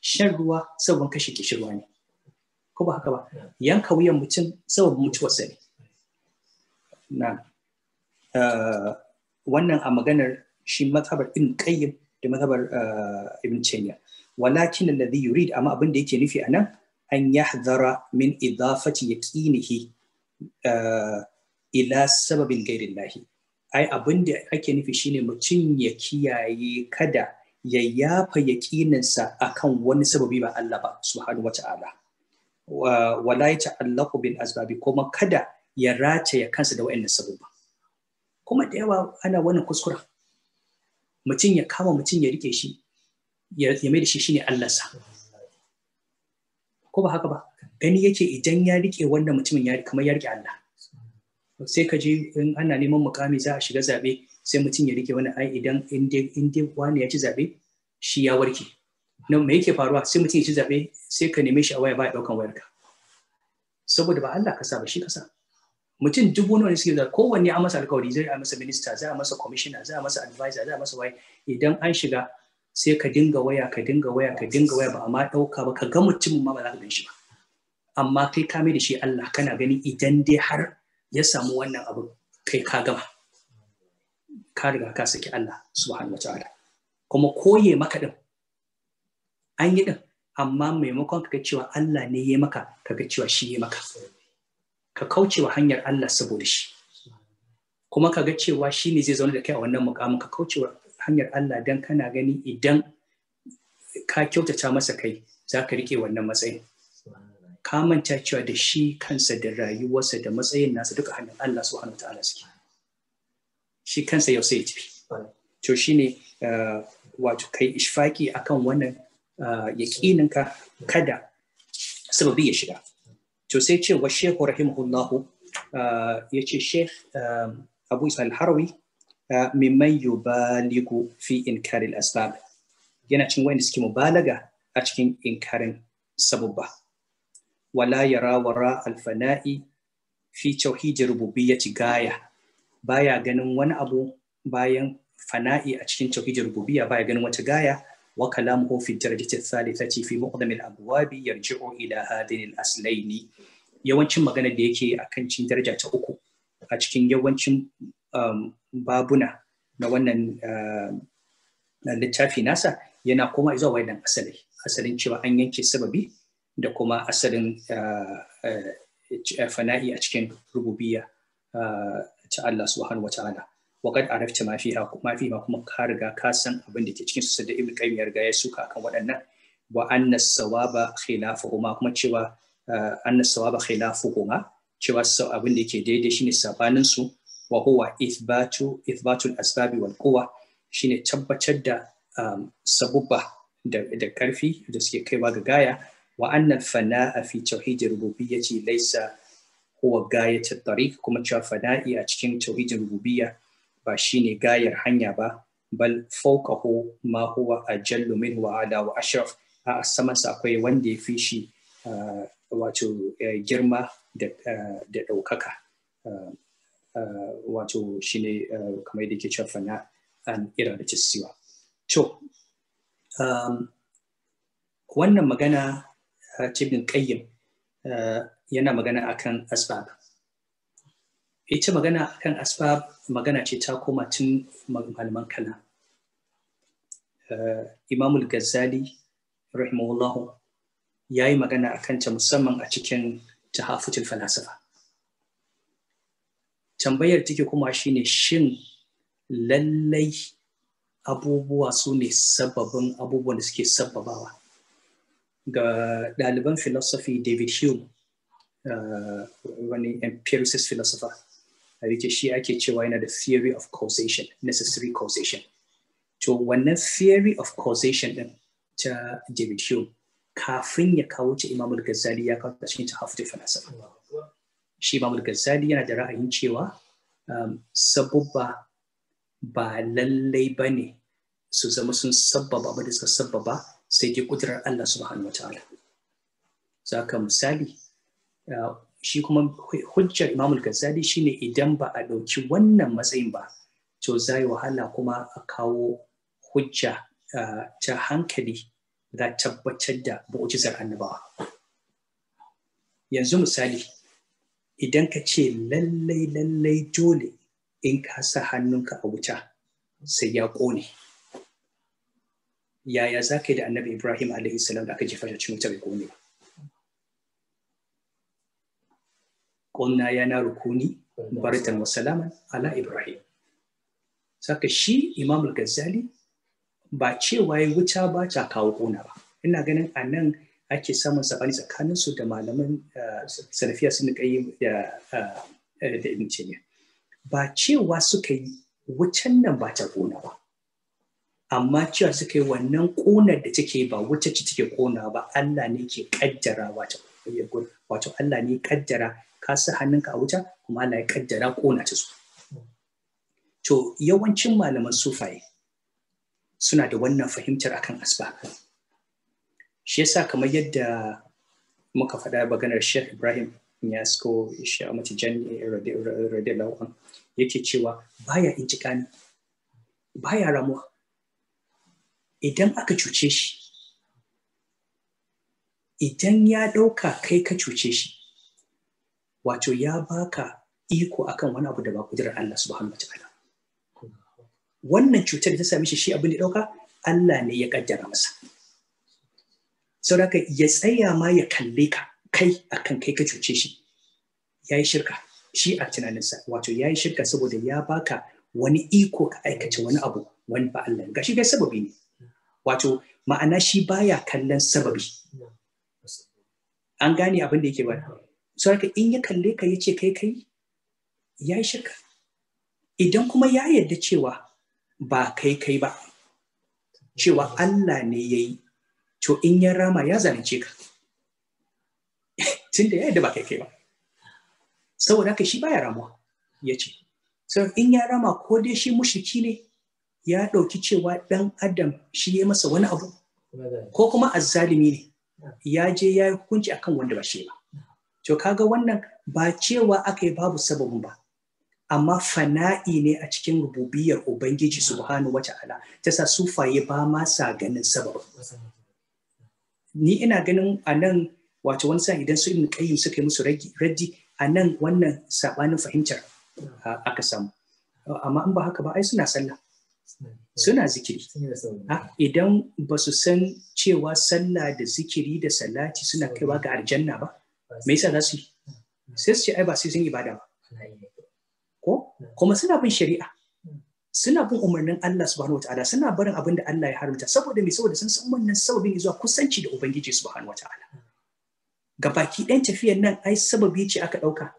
shan ruwa sababin kashe kishirwa ne ko ba haka ba yanka wuyan mutum sababin mutuwarsa na uh, wannan a maganar shi mazhabar ibn qayyim da mazhabar uh, ibn taymiya walakin alladhi yurid amma abin da yake nufi anan an yahdhara min idafati yaqinihi uh, ila sababin gairillahi ai abin da ake nufi shine mutum ya kiyaye kada ya yafa yaƙininsa akan wani sababi ba Allah ba subhanahu wata'ala wala ya ta'allaqu bil asbabi kuma kada ya ya kansa da wa'annan sabubba kuma da yawa ana wannan kuskura mutum ya kama mutum ya rike shi ya mai da shi shine sa. ko ba haka ba gani yake idan ya rike wannan mutumin ya kamar ya rike Allah sai ka je in ana neman mukami za a shiga zabe sai mutum ya rike wani ai idan in dai wani ya ci zabe shi ya warke na me yake faruwa sai mutum ya ci zabe sai ka neme shi a waya ba ya daukan wayarka saboda ba Allah ka sa ba shi ka sa mutum dubu nawa ne suke da kowanne an masa alkawari zai a masa minista za a masa commissioner za a masa advisor za a masa waye idan an shiga sai ka dinga waya ka dinga waya ka dinga waya ba amma ɗauka ba ka ga mutumin ma ba za ka gan shi ba amma kai ka mai da shi Allah kana gani idan dai har ya samu wannan abu kai ka gama ka riga ka saki Allah subhanahu wataala kuma koye maka din an yi din amma maimakon ka cewa Allah ne ya maka ka ga cewa shi ya maka ka kaucewa hanyar Allah saboda shi kuma ka ga cewa shi ne zai zaune da kai a wannan mukamin ka kaucewa hanyar Allah dan kana gani idan ka kyautata masa kai za ka rike wannan matsayin ka manta cewa da shi kansa da rayuwarsa da matsayin nasa duka hanyar Allah subhanahu ta'ala suke shi kansa yau sai ya tafi to shi ne, eh, wato kai ishfaki akan wannan eh, yaƙinin ka kada sababi ya shiga to sai ce wa shehu rahimahullahu uh, ya ce shekh um, abu isa al-harawi uh, mimman yubaligu fi inkaril asbab yana cin wayanda suke mubalaga a cikin inkarin sababba wala yara wara alfana'i fi tauhidi rububiyyati gaya baya ganin wani abu bayan fana'i a cikin tauhidin rububiyya baya ganin wata gaya وكلامه في الدرجة الثالثة في معظم الأبواب يرجع إلى هذين الأصلين yawancin magana da yake a kan cin daraja ta uku a cikin yawancin um, babuna na wannan um, littafi nasa yana koma zuwa wayan asali asalin cewa an yanke sababi da kuma asalin uh, uh, fana'i a cikin rububiya uh, ta Allah subhanahu wa ta'ala wa qad arafta mafi ma ma kuma ka riga ka san abin da ke cikin su da ibnu qayyim ya riga ya suka akan waɗannan wa anna sawaba khilafuhuma kuma cewa anna sawaba khilafuhuma cewa abin da ke daidai shine sabanin su wa huwa ithbatu ithbatul asbabi wal quwa shine tabbatar da sabubba da karfi da suke kaiwa ga gaya wa annal fana'a fi tauhid rububiyyati laysa huwa gayat at-tariq kuma cewa fana'i a cikin tauhidin rububiyya ba shi ne gayar hanya ba bal fawqahu ma huwa ajallu min wa ala wa ashraf a saman sa akwai wanda ya fi shi wato girma da ɗaukaka wato shine kamar da ke cewa fana an ira da siwa to wannan magana cibin Qayyim yana magana akan asbab ita magana kan asbab magana ce ta koma tun malaman Kana, eh, imamul gazzali rahimahullahu ya yi magana a kanta musamman a cikin tahafutul falasafa tambayar take kuma shine shin lallai abubuwa su ne sababin abubuwan da suke sababawa ga ɗaliban philosophy david hume eh, wani empiricist philosopher a ce shi ake cewa yana da theory of causation necessary causation to wannan theory of causation din ta David Hume kafin ya kawo ta Imam Al-Ghazali ya kawo ta cikin Tahafut Falsafa shi Imam Al-Ghazali yana da ra'ayin cewa um, sabubba ba lallai bane su zama sun sabbaba ba da suka sabbaba sai dai kudurar Allah subhanahu wataala Za ka misali uh, shi kuma hujjar imamul ghazali shine idan ba a ɗauki wannan matsayin ba to za yi wahala kuma a kawo hujja ta hankali za tabbatar da mu'jizar annabawa yanzu misali idan ka ce lallai lallai dole in ka sa hannunka a wuta sai ya ƙone yaya za ka yi da annabi ibrahim alaihi da aka jefa shi cikin wuta bai ƙone قلنا يا na كوني مبارة وسلاما ala Ibrahim, saka shi imam al-ghazali ba cewa ya wuta ba ta kawo ƙona ba ina ganin a nan ake samun sabani tsakanin su da malaman eh, salafiya sun kai da eh, eh, da ibn ba cewa suka yi wutan nan ba ta ƙona ba amma cewa suka yi wannan ƙonar da take ba wuta ce take ƙona ba Allah ne ke kaddara wato wato Allah ne kaddara ka sa hannunka a wuta kuma Allah ya kaddara kona ta su to yawancin malaman sufaye suna da wannan fahimtar akan asbab shi yasa kamar yadda muka faɗa maganar Sheikh Ibrahim Nyasko Shamati Jani radiyallahu yake cewa baya intikani baya ramuwa idan aka cuce shi idan ya ɗauka kai ka cuce shi wato ya baka iko akan wani abu da ba kudirar Allah subhanahu wataala wannan cutar da ta same shi shi abin da dauka Allah ne ya kaddara masa saboda ya tsaya ma ya kalle ka kai akan kai ka cuce shi yayi shirka shi a tunaninsa wato yayi shirka saboda ya baka wani iko ka aikace wani abu wani ba Allah ga shi dai sababi ne wato ma'ana shi baya kallon sababi an gane abin da yake ba saboda in ya kalle ka ya ce kai kai ya yi shirka idan kuma ya yarda cewa ba kai kai ba cewa Allah ne ya yi to in ya rama ya zalunce ka tunda ya yarda ba kai kai ba saboda haka shi baya ramuwa ya ce saboda in ya rama ko dai shi mushriki ne ya ɗauki cewa ɗan adam shi ya masa wani abu ko kuma azzalimi ne ya je ya yi hukunci akan wanda ba shi ba to kaga wannan ba cewa aka yi babu sababin ba amma fana'i ne a cikin rububiyar ubangiji subhanahu wata'ala ta sa sufaye ba ma sa ganin sababin ni ina ganin a nan wato wani sa idan su ibn qayyim suka yi musu raddi a nan wannan sabanin fahimtar aka samu amma in ba haka ba ai suna sallah suna zikiri idan ba su san cewa sallah da zikiri da salati suna kaiwa ga aljanna ba me yasa zasu sai su ce ai ba sai sun ibada ba ko kuma suna bin shari'a suna bin umarnin Allah subhanahu wataala suna barin abin da Allah ya haramta saboda mai saboda sun san wannan sababin zuwa kusanci da ubangiji subhanahu wataala baki ɗan tafiyar nan ai sababi ce aka ɗauka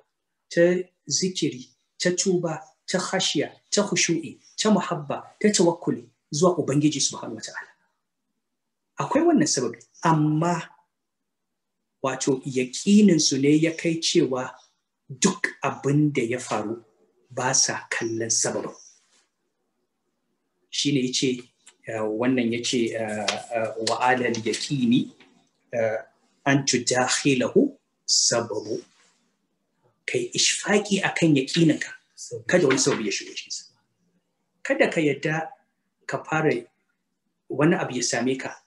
ta zikiri ta tuba ta khashiya ta khushu'i ta muhabba ta tawakkuli zuwa ubangiji subhanahu wataala akwai wannan sababi amma wato yaƙinin su ne ya kai cewa duk abin da ya faru ba sa kallon sababin shine ya ce uh, wannan ya ce uh, uh, wa'adar yakini an tudahilahu sababu kai ishfaki akan yakininka. kada wani sababu ya shiga shi kada ka yadda ka fara wani abu ya same ka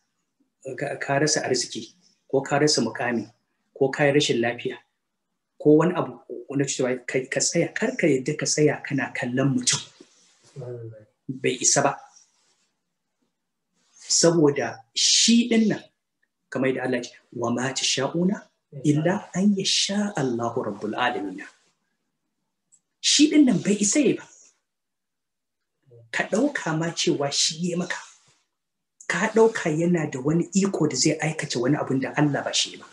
ka rasa arziki ko ka rasa mukami ko ka yi rashin lafiya ko wani abu na cewa ka tsaya kar ka yadda ka tsaya kana kallon mutum bai isa ba saboda shi din nan kamar da Allah wa ma ta sha'una illa an ya sha Allahu rabbul alamin shi din nan bai isa ba ka ɗauka ma cewa shi ya maka ka ɗauka yana da wani iko da zai aikace wani abin da Allah ba shi ba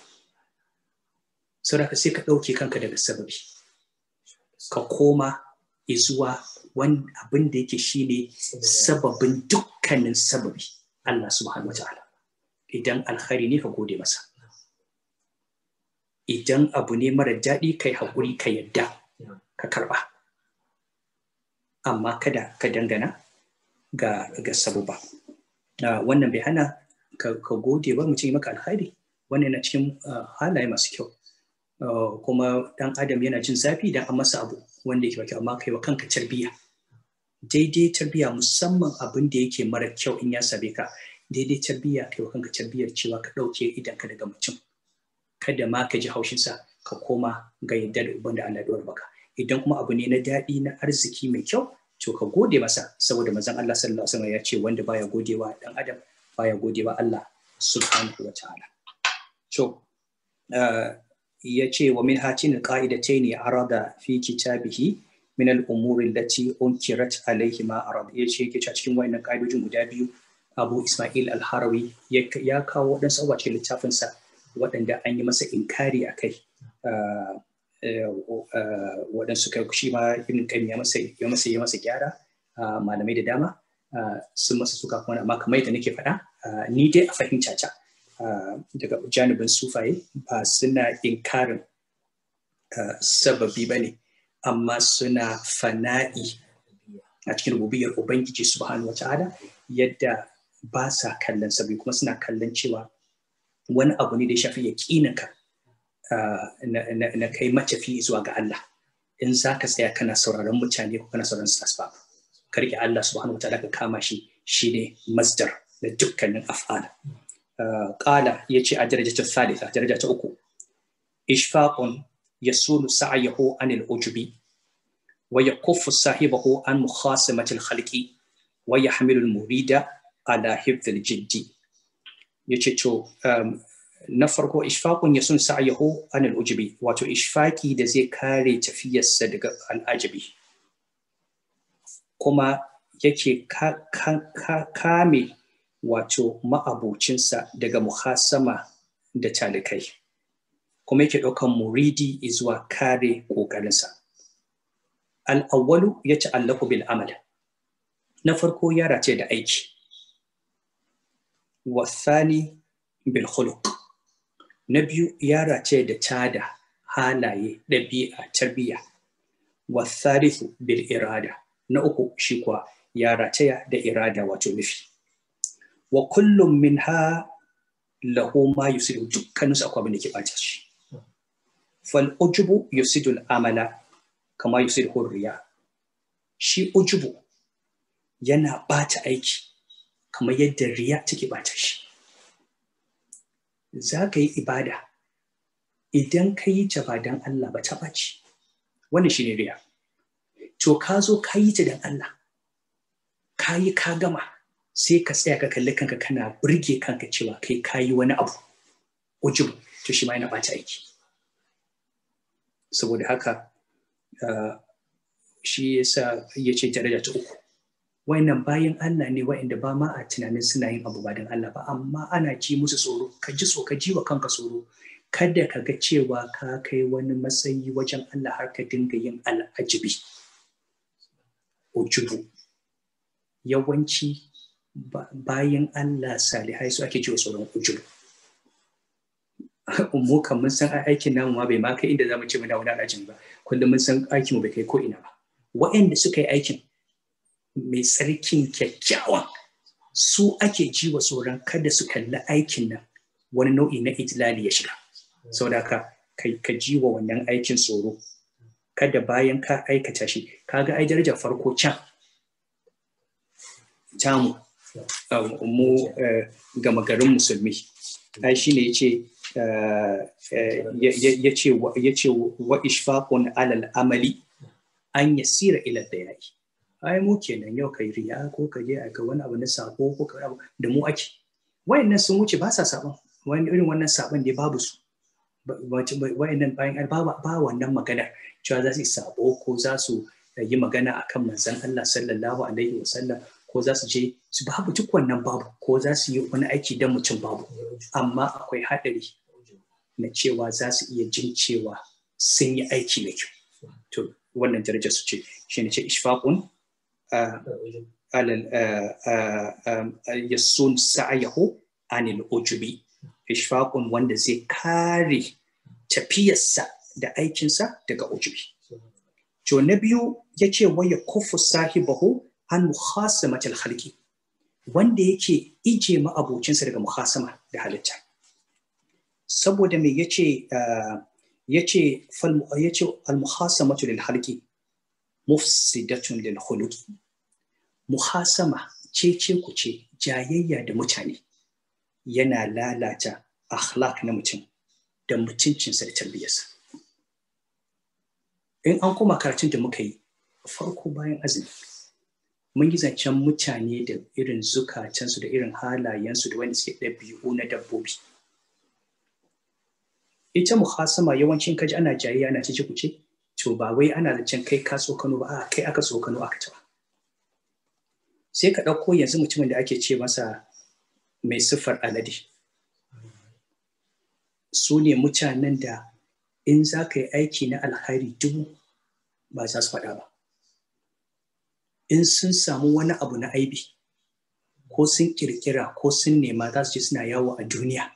Sauraka sai ka ɗauke kanka daga sababi ka koma zuwa wani abin da yake ne sababin dukkanin sababi Allah subhanahu wataala idan alkhari ne ka gode masa idan abu ne mara daɗi ka yi haƙuri ka yadda ka karɓa amma kada ka dangana ga, ga wannan bai hana ka gode ba mutum maka alhari wannan yana cikin halaye masu kyau kuma dan adam yana jin zafi da an masa abu wanda yake kyau amma kai wa kanka tarbiyya daidai tarbiyya musamman abin da yake mara kyau in ya same ka daidai tarbiyya kai wa kanka tarbiyyar cewa ka ɗauke idan ka daga mutum kada ma ka ji haushin sa ka koma ga yadda da uban da Allah ya maka idan kuma abu ne na daɗi na arziki mai kyau to ka gode masa saboda manzon Allah sallallahu alaihi wasallam ya ce wanda baya godewa dan adam baya godewa Allah subhanahu wa ta'ala to eh, ya ce wa min hatin qa'idatayn arada fi kitabihi min al-umuri allati unkirat alayhi ma arada ya ce yake cikin wayannan ka'idojin guda biyu Abu Ismail Al-Harawi ya kawo waɗansu a cikin littafinsa waɗanda an yi masa inkari a kai eh, Eh, eh, waɗansu ka shi ma ibn qayyim ya masa ya masa gyara ah, malamai da dama ah, sun masa suka kuma amma kamar yadda nake faɗa ah, ni dai a fahimta ta daga janibin sufaye ba suna inkarin sababi ba ne amma suna fana'i a cikin rububiyar ubangiji subhanahu wa ta'ala yadda ba sa kallon sababi kuma suna kallon cewa wani abu ne da ya shafi yaƙininka na kai matafi zuwa ga Allah in za ka tsaya kana sauraron mutane ko kana sauraron sasbab ka rike Allah subhanahu wataala ka kama shi shine masdar da dukkanin af'ala qala yace a darajatu salisa daraja ta uku ishfaqun yasulu sa'yahu anil ujubi wa yakuffu sahibahu an mukhasimatil khalqi wa yahmilu al murida ala hifdhil jiddi yace to um, na farko ishfaqun sun sa'yahu an al-ujbi wato ishfaqi da zai kare tafiyarsa daga al'ajabi kuma yake kame wato ma'abocinsa daga muhasama da talikai kuma yake ɗaukan muridi zuwa kare ƙoƙarinsa al'awwalu ya ta'allaku bil amal na farko yara ce da aiki wasani bil khuluq Na biyu yara ce da cada halaye ɗabi'a tarbiyya wasarifu bil irada na uku shi kuwa yara ce da irada wato nufi. Wa kullum min ha lahu ma yusidu dukkanin su akwai da ke ɓata shi. Fal ujubu yusidu amala kama yusidu hurriya. Shi ujubu yana ɓata aiki kamar yadda riya take ɓata shi. za ka yi ibada idan ka yi ta ba don Allah ba ta ɓaci wannan shi ne riya to ka zo ka yi ta don Allah ka yi ka gama sai ka tsaya ka kalli kanka kana burge kanka cewa kai ka yi wani abu ujub to shi ma yana ɓata aiki saboda haka ah, shi yasa ya ce daraja ta uku wayannan bayan Allah ne wayanda ba ma a tunanin suna yin abu ba don Allah ba amma ana ji musu tsoro ka ji so ka ji wa kanka tsoro kada ka ga cewa ka kai wani matsayi wajen Allah har ka dinga yin al'ajibi ujubu yawanci bayan Allah salihai su ake cewa tsoron ujubu mu kan mun san aikin namu ma bai ma kai inda zamu ce mu dawo da ba kullum mun san aikin mu bai kai ko ina ba Wa'inda suka yi aikin mai tsarkin kyakkyawa su ake ji wa tsoron kada su kalli aikin nan wani nau'i na itilali ya shiga saboda ka, ka ji wa wannan aikin tsoro kada bayan ka aikata shi Ka ga ai darajar farko can tamu um, mu eh, gama garin musulmi ai shi ne ya ce wa ishfaqun alal amali an yasira ila da yayi ai mu kenan yau kai riya ko ka je ga wani abu na sabo ko ka abu da mu ake wayannan sun wuce ba sa sabon wani irin wannan sabon da babu su wayannan bayan ba ba wannan magana cewa za su yi sabo ko za su yi magana akan manzon Allah sallallahu alaihi wasallam ko za su je su babu duk wannan babu ko za su yi wani aiki don mutum babu amma akwai haɗari na cewa za su iya jin cewa sun yi aiki mai kyau to wannan darajar su ce shi ne ce ishfaqun yassun sa'ayahu anil ujubi ishfaqun wanda zai kare tafiyarsa da aikinsa daga ujubi to na biyu ya ce waya kufu sahibahu an muhasamatil halki wanda yake ije ma'abocinsa daga muhasama da halitta saboda me yace yace fal yace al muhasamatu lil halki mufsidatun lil khuluqi muhasama cece ce jayayya da mutane yana lalata akhlaq na mutum da mutuncinsa da tarbiyyarsa in an koma karatun da muka yi farko bayan azumi mun yi zancen mutane da irin zukatansu da irin halayensu da wani suke ɗabi'u na dabbobi ita muhasama yawancin kaji ana jayayya ana cece ce to ba wai ana zancen kai ka tsokano ba a kai aka tsokano aka taba sai ka ɗauko yanzu mutumin da ake ce masa mai siffar alade su ne mutanen da in za ka yi aiki na alhari dubu ba za su faɗa ba in sun samu wani abu na aibi ko sun kirkira ko sun nema za su ce suna yawo a duniya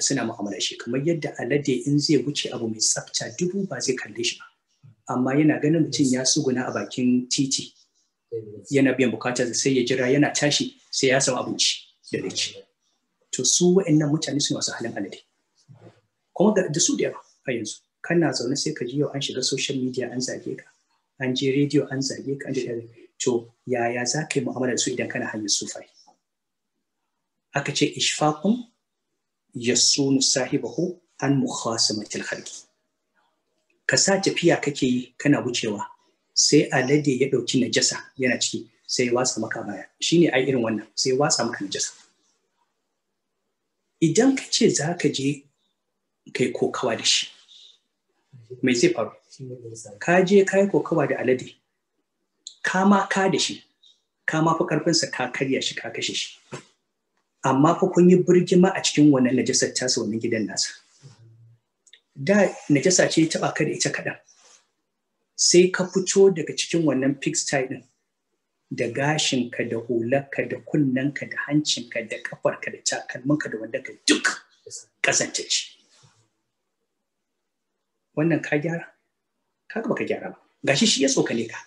suna mu'amala shi kamar yadda alade in zai wuce abu mai tsafta dubu ba zai kalle shi ba amma yana ganin mutum ya suguna a bakin titi yana biyan bukatar sai ya jira yana tashi sai ya samu abinci da zai ci to su wa'annan mutane su masu halin alade kuma da su da a yanzu kana zaune sai ka ji yau an shiga social media an zage ka an je rediyo an zage ka an je to yaya za ka yi mu'amala da su idan kana hanyar sufai aka ce ishfaqun yasunu sahibahu an mukhasamatil khalqi ka sa tafiya kake yi kana wucewa sai alade ya ɗauki najasa yana ciki sai watsa maka baya Shi ne a irin wannan sai watsa maka najasa idan ka ce za ka je kai kokawa da shi mai zai faru ka je ka yi kokawa da alade ka ma ka da shi ka ma fi karfinsa ka karya shi ka kashe shi amma fa kun yi birgima a cikin wannan najasar tasa wannan gidan nasa da najasa ce ta ka da ita kaɗan sai ka fito daga cikin wannan pigsty din da gashinka da hularka da kunnenka da hancinka da kafarka da takalminka da wanda ka duk kazantacce wannan ka gyara ka ba ka gyara ba gashi shi ya tsokane ka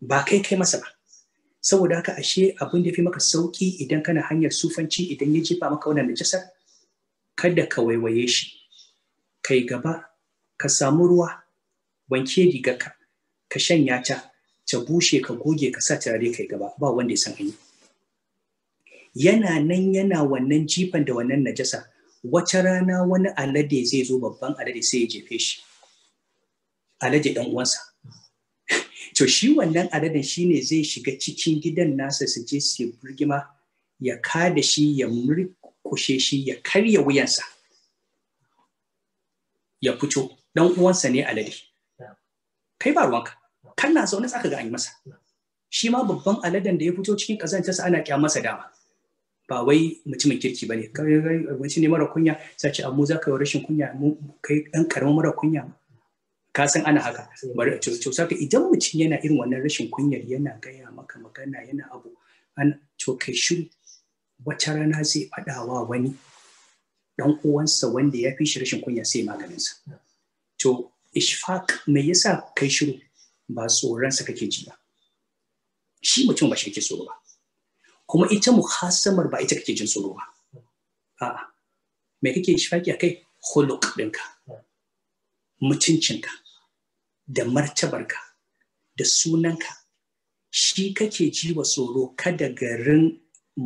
ba kai kai masa ba saboda haka ashe abin da fi maka sauki idan kana hanyar sufanci idan ya jefa maka wannan najasar kada ka waiwaye shi kai gaba ka samu ruwa wanke rigarka ka shanya ta ta bushe ka goge ka sa turare kai gaba ba wanda ya san anyi. yana nan yana wannan jifan da wannan najasa wata rana wani alade zai zo babban alade sai ya jefe shi alade dan uwansa to shi wannan aladen shine zai shiga cikin gidan nasa su je su burgima ya kada shi ya murkushe shi ya karya wuyansa ya fito dan uwansa ne alade kai ba ruwanka kana zaune tsaka ga an yi masa shi ma babban aladen da ya fito cikin kazantarsa ana kya masa dama ba wai mutumin kirki bane abinci ne mara kunya sai ce mu za yi rashin kunya mu kai dan karamin mara kunya ka san ana haka bari a cewa saka idan mutum yana irin wannan rashin kunyar yana gaya maka magana yana abu an to kai shiru wata rana zai faɗawa wani dan uwansa wanda ya fi shi rashin kunya sai maganinsa to ishfaq me yasa kai shiru ba tsoronsa kake ji ba shi mutum ba shi kake tsoro ba kuma ita muhasamar ba ita kake jin tsoro ba a'a me kake ishfaqi akai khuluq ɗinka mutuncinka da martabarka da sunanka shi kake ji wa tsoro kada garin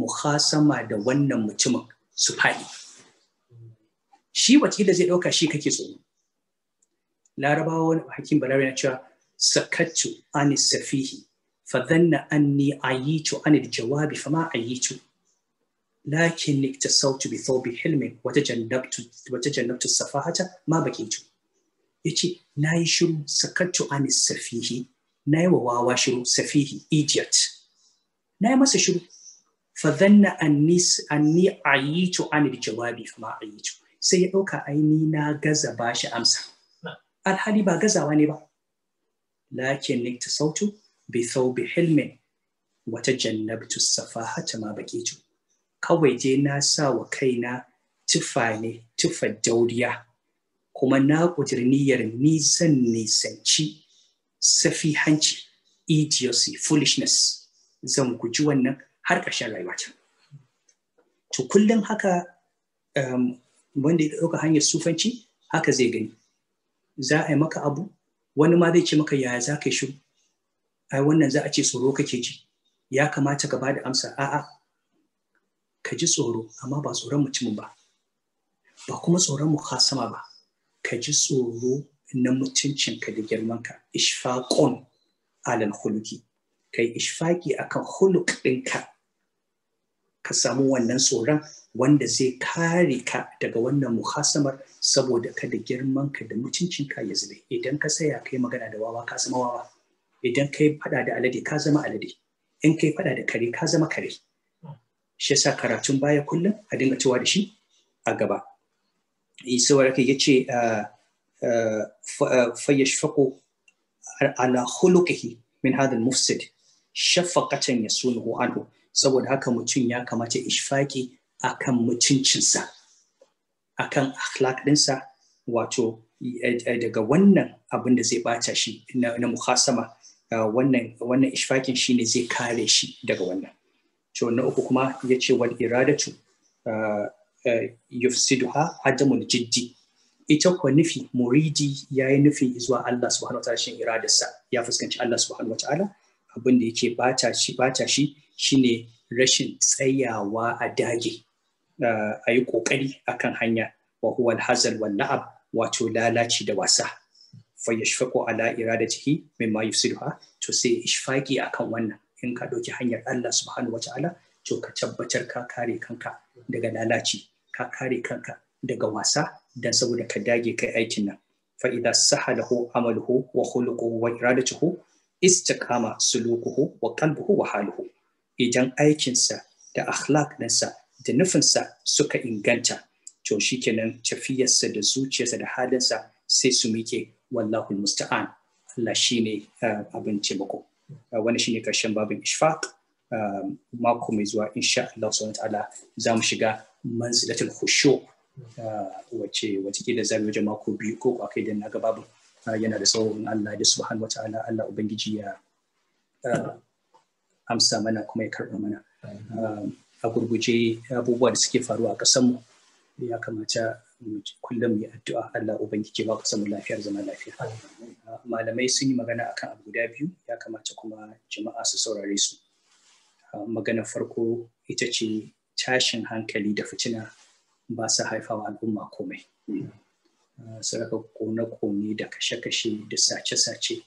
muhasama da wannan mutumin su faɗi shi da zai ɗauka shi kake tsoro larabawa wani hakim balarabe na cewa sakaccu ani safihi fa dhanna anni ayitu ani jawabi fa ma ayitu lakin iktasawtu bi thawbi hilmi wata jannabtu wata tajannabtu safahata ma bakitu yace nayi shiru sakaccu ani safihi nayi wa wawa shiru safihi idiot nayi masa shiru fa dhanna anni anni ayitu ani jawabi fa ma ayitu sai ya dauka aini na gaza bashi amsa alhali ba gazawa ne ba lakin sautu, bi thawbi hilmin wata jannabtu safahata ma baqitu kawai je na sa wa kaina tufa ne tufa dauriya kuma na ƙudiri niyyar nisan nisanci hanci idiocy foolishness zan guji wannan har ƙarshen rayuwata to kullum haka um, wanda ya ɗauka hanyar sufanci haka zai gani za a yi maka abu wani ma zai ce maka yaya za ka yi shiru ai wannan za a ce tsoro kake ji ya kamata ka bada amsa a'a ka ji tsoro amma ba tsoron mutumin ba ba kuma tsoron mu sama ba ka ji tsoro na mutuncin ka da girman ka ishfaqon alal khuluqi kai ishfaqi akan khuluq ɗinka ka samu wannan tsoron wanda zai kare ka daga wannan muhasamar saboda kada girman ka da mutuncin ka ya zube idan ka saya kai magana da wawa ka zama wawa idan kai fada da alade ka zama alade in kai fada da kare ka zama kare shi yasa karatun baya kullum a dinga cewa da shi a gaba saboda kai yace ah, ah, ah, yashfaqu ala khuluqihi min hadha al-mufsid shafaqatan yasunhu anhu saboda haka mutum ya kamata ishfaki akan mutuncinsa akan akhlaq ɗinsa wato eh, eh, daga wannan abin da zai bata shi na muhasama wannan wannan shi ne zai kare shi daga wannan to na uku kuma ya ce wani iradatu ah, eh, yufsiduha adamun jiddi ita kuwa nufi muridi ya yi nufi zuwa Allah subhanahu wa ta'ala shin iradarsa ya fuskanci Allah subhanahu wa ta'ala abin da yake bata shi bata shi shine rashin tsayawa a dage Eh, a yi ƙoƙari a kan hanya wa huwa hazal wal la'ab wato lalaci da wasa fa ya yashfaqu ala ira da iradatihi mimma yufsiduha to sai ishfaqi akan wannan in ka ɗauki hanyar Allah subhanahu wataala to ka tabbatar ka kare kanka daga lalaci ka kare kanka daga wasa dan saboda ka dage kai aikin nan fa idza sahalahu amaluhu wa khuluquhu wa iradatuhu istiqama sulukuhu wa qalbuhu wa haluhu idan aikinsa da akhlaq ɗinsa da nufinsa suka inganta to shikenan tafiyarsa da zuciyarsa da halinsa sai su mike wallahul musta'an Allah shine eh, abin taimako eh, wani shine karshen babin ishfaq eh, mako mai zuwa insha Allah subhanahu ta'ala za mu shiga manzilatul khushu wace watakila za mu wajen mako biyu ko ba kai da na babu yana da sauran Allah da subhanahu ta'ala Allah ubangiji ya amsa mana kuma ya karɓa mana a gurguje abubuwa da suke faruwa a mu ya kamata kullum ya addu'a Allah Ubangiji ba mu lafiyar zama lafiya. Malamai sun yi magana akan abu guda biyu ya kamata kuma jama'a su saurare su. Maganar farko ita ce tashin hankali da fitina ba su haifawa al'umma komai. Saraka kone-kone da kashe-kashe da sace-sace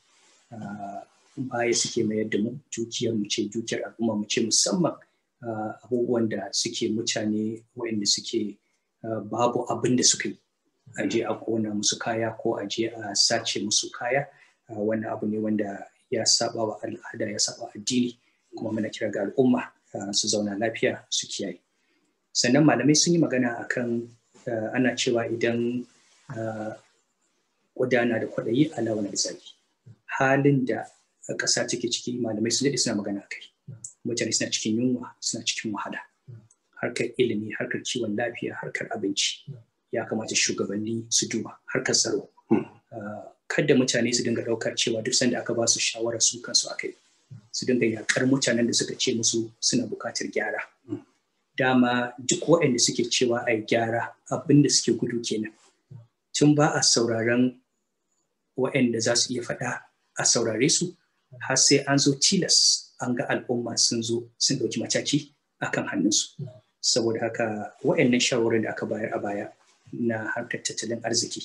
baya suke mayar da mu dukiyar mu ce dukiyar al'umma mu ce musamman abubuwan da suke mutane waɗanda suke babu abin da suka yi a a kona musu kaya ko a a sace musu kaya wannan abu ne wanda ya saba wa al'ada ya saba addini kuma muna kira ga al'umma su zauna lafiya su kiyaye sannan malamai sun yi magana akan ana cewa idan gudana da kwaɗayi a wani zaki halin da ƙasa take ciki malamai sun daɗe suna magana kai mutane suna cikin yunwa suna cikin wahala harkar ilimi harkar ciwon lafiya harkar abinci ya kamata shugabanni su duba harkar tsaro hmm. ah, kada mutane su dinga ɗaukar cewa duk sanda aka ba su shawara su kansu akai su dinga yakar mutanen da suka ce musu suna bukatar gyara hmm. dama duk waɗanda suke cewa a gyara abin da suke gudu kenan tun ba a sauraron waɗanda za su iya faɗa a saurare su har sai an zo tilas an ga al'umma sun zo sun ɗauki mataki akan hannunsu mm. saboda haka wa'annan shawarar da aka bayar a baya na harkar tattalin arziki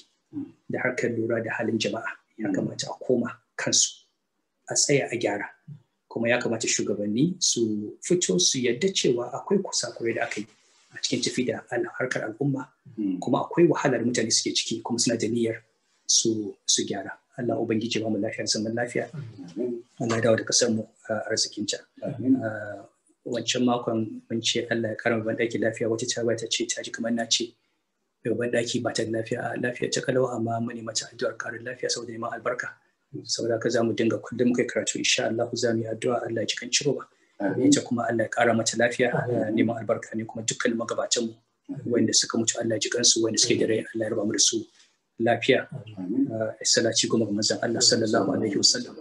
da harkar lura da halin jama'a ya mm. kamata a koma kansu a tsaya a gyara kuma ya kamata shugabanni su fito su yadda cewa akwai kusa-kure da aka yi a cikin tafi da harkar al'umma mm. kuma akwai wahalar mutane suke ciki kuma suna da niyyar su gyara Allah ubangiji ba mu lafiya zaman lafiya Allah dawo da kasar mu arzikin wancan makon mun ce Allah ya karama daki lafiya wata ta ta ce ta ji kamar na ce ban daki ba ta lafiya lafiya ta kalau amma mun ne mata addu'ar karin lafiya saboda neman albarka saboda ka za mu dinga kullum kai karatu insha Allah za mu yi addu'a Allah ya cikin ciro ba ita kuma Allah ya kara mata lafiya neman albarka ne kuma dukkan magabatan mu wanda suka mutu Allah ya ji kansu wanda suke da rai Allah ya raba mu da su lafiya a salati kuma ga manzon Allah sallallahu alaihi wasallam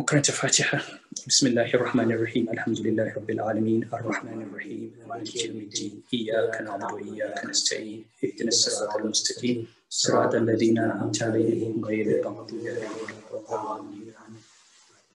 مقرأة فاتحة بسم الله الرحمن الرحيم الحمد لله رب العالمين الرحمن الرحيم مالك يوم الدين إياك نعبد وإياك نستعين اهدنا الصراط المستقيم صراط الذين أنعمت عليهم غير المغضوب عليهم ولا الضالين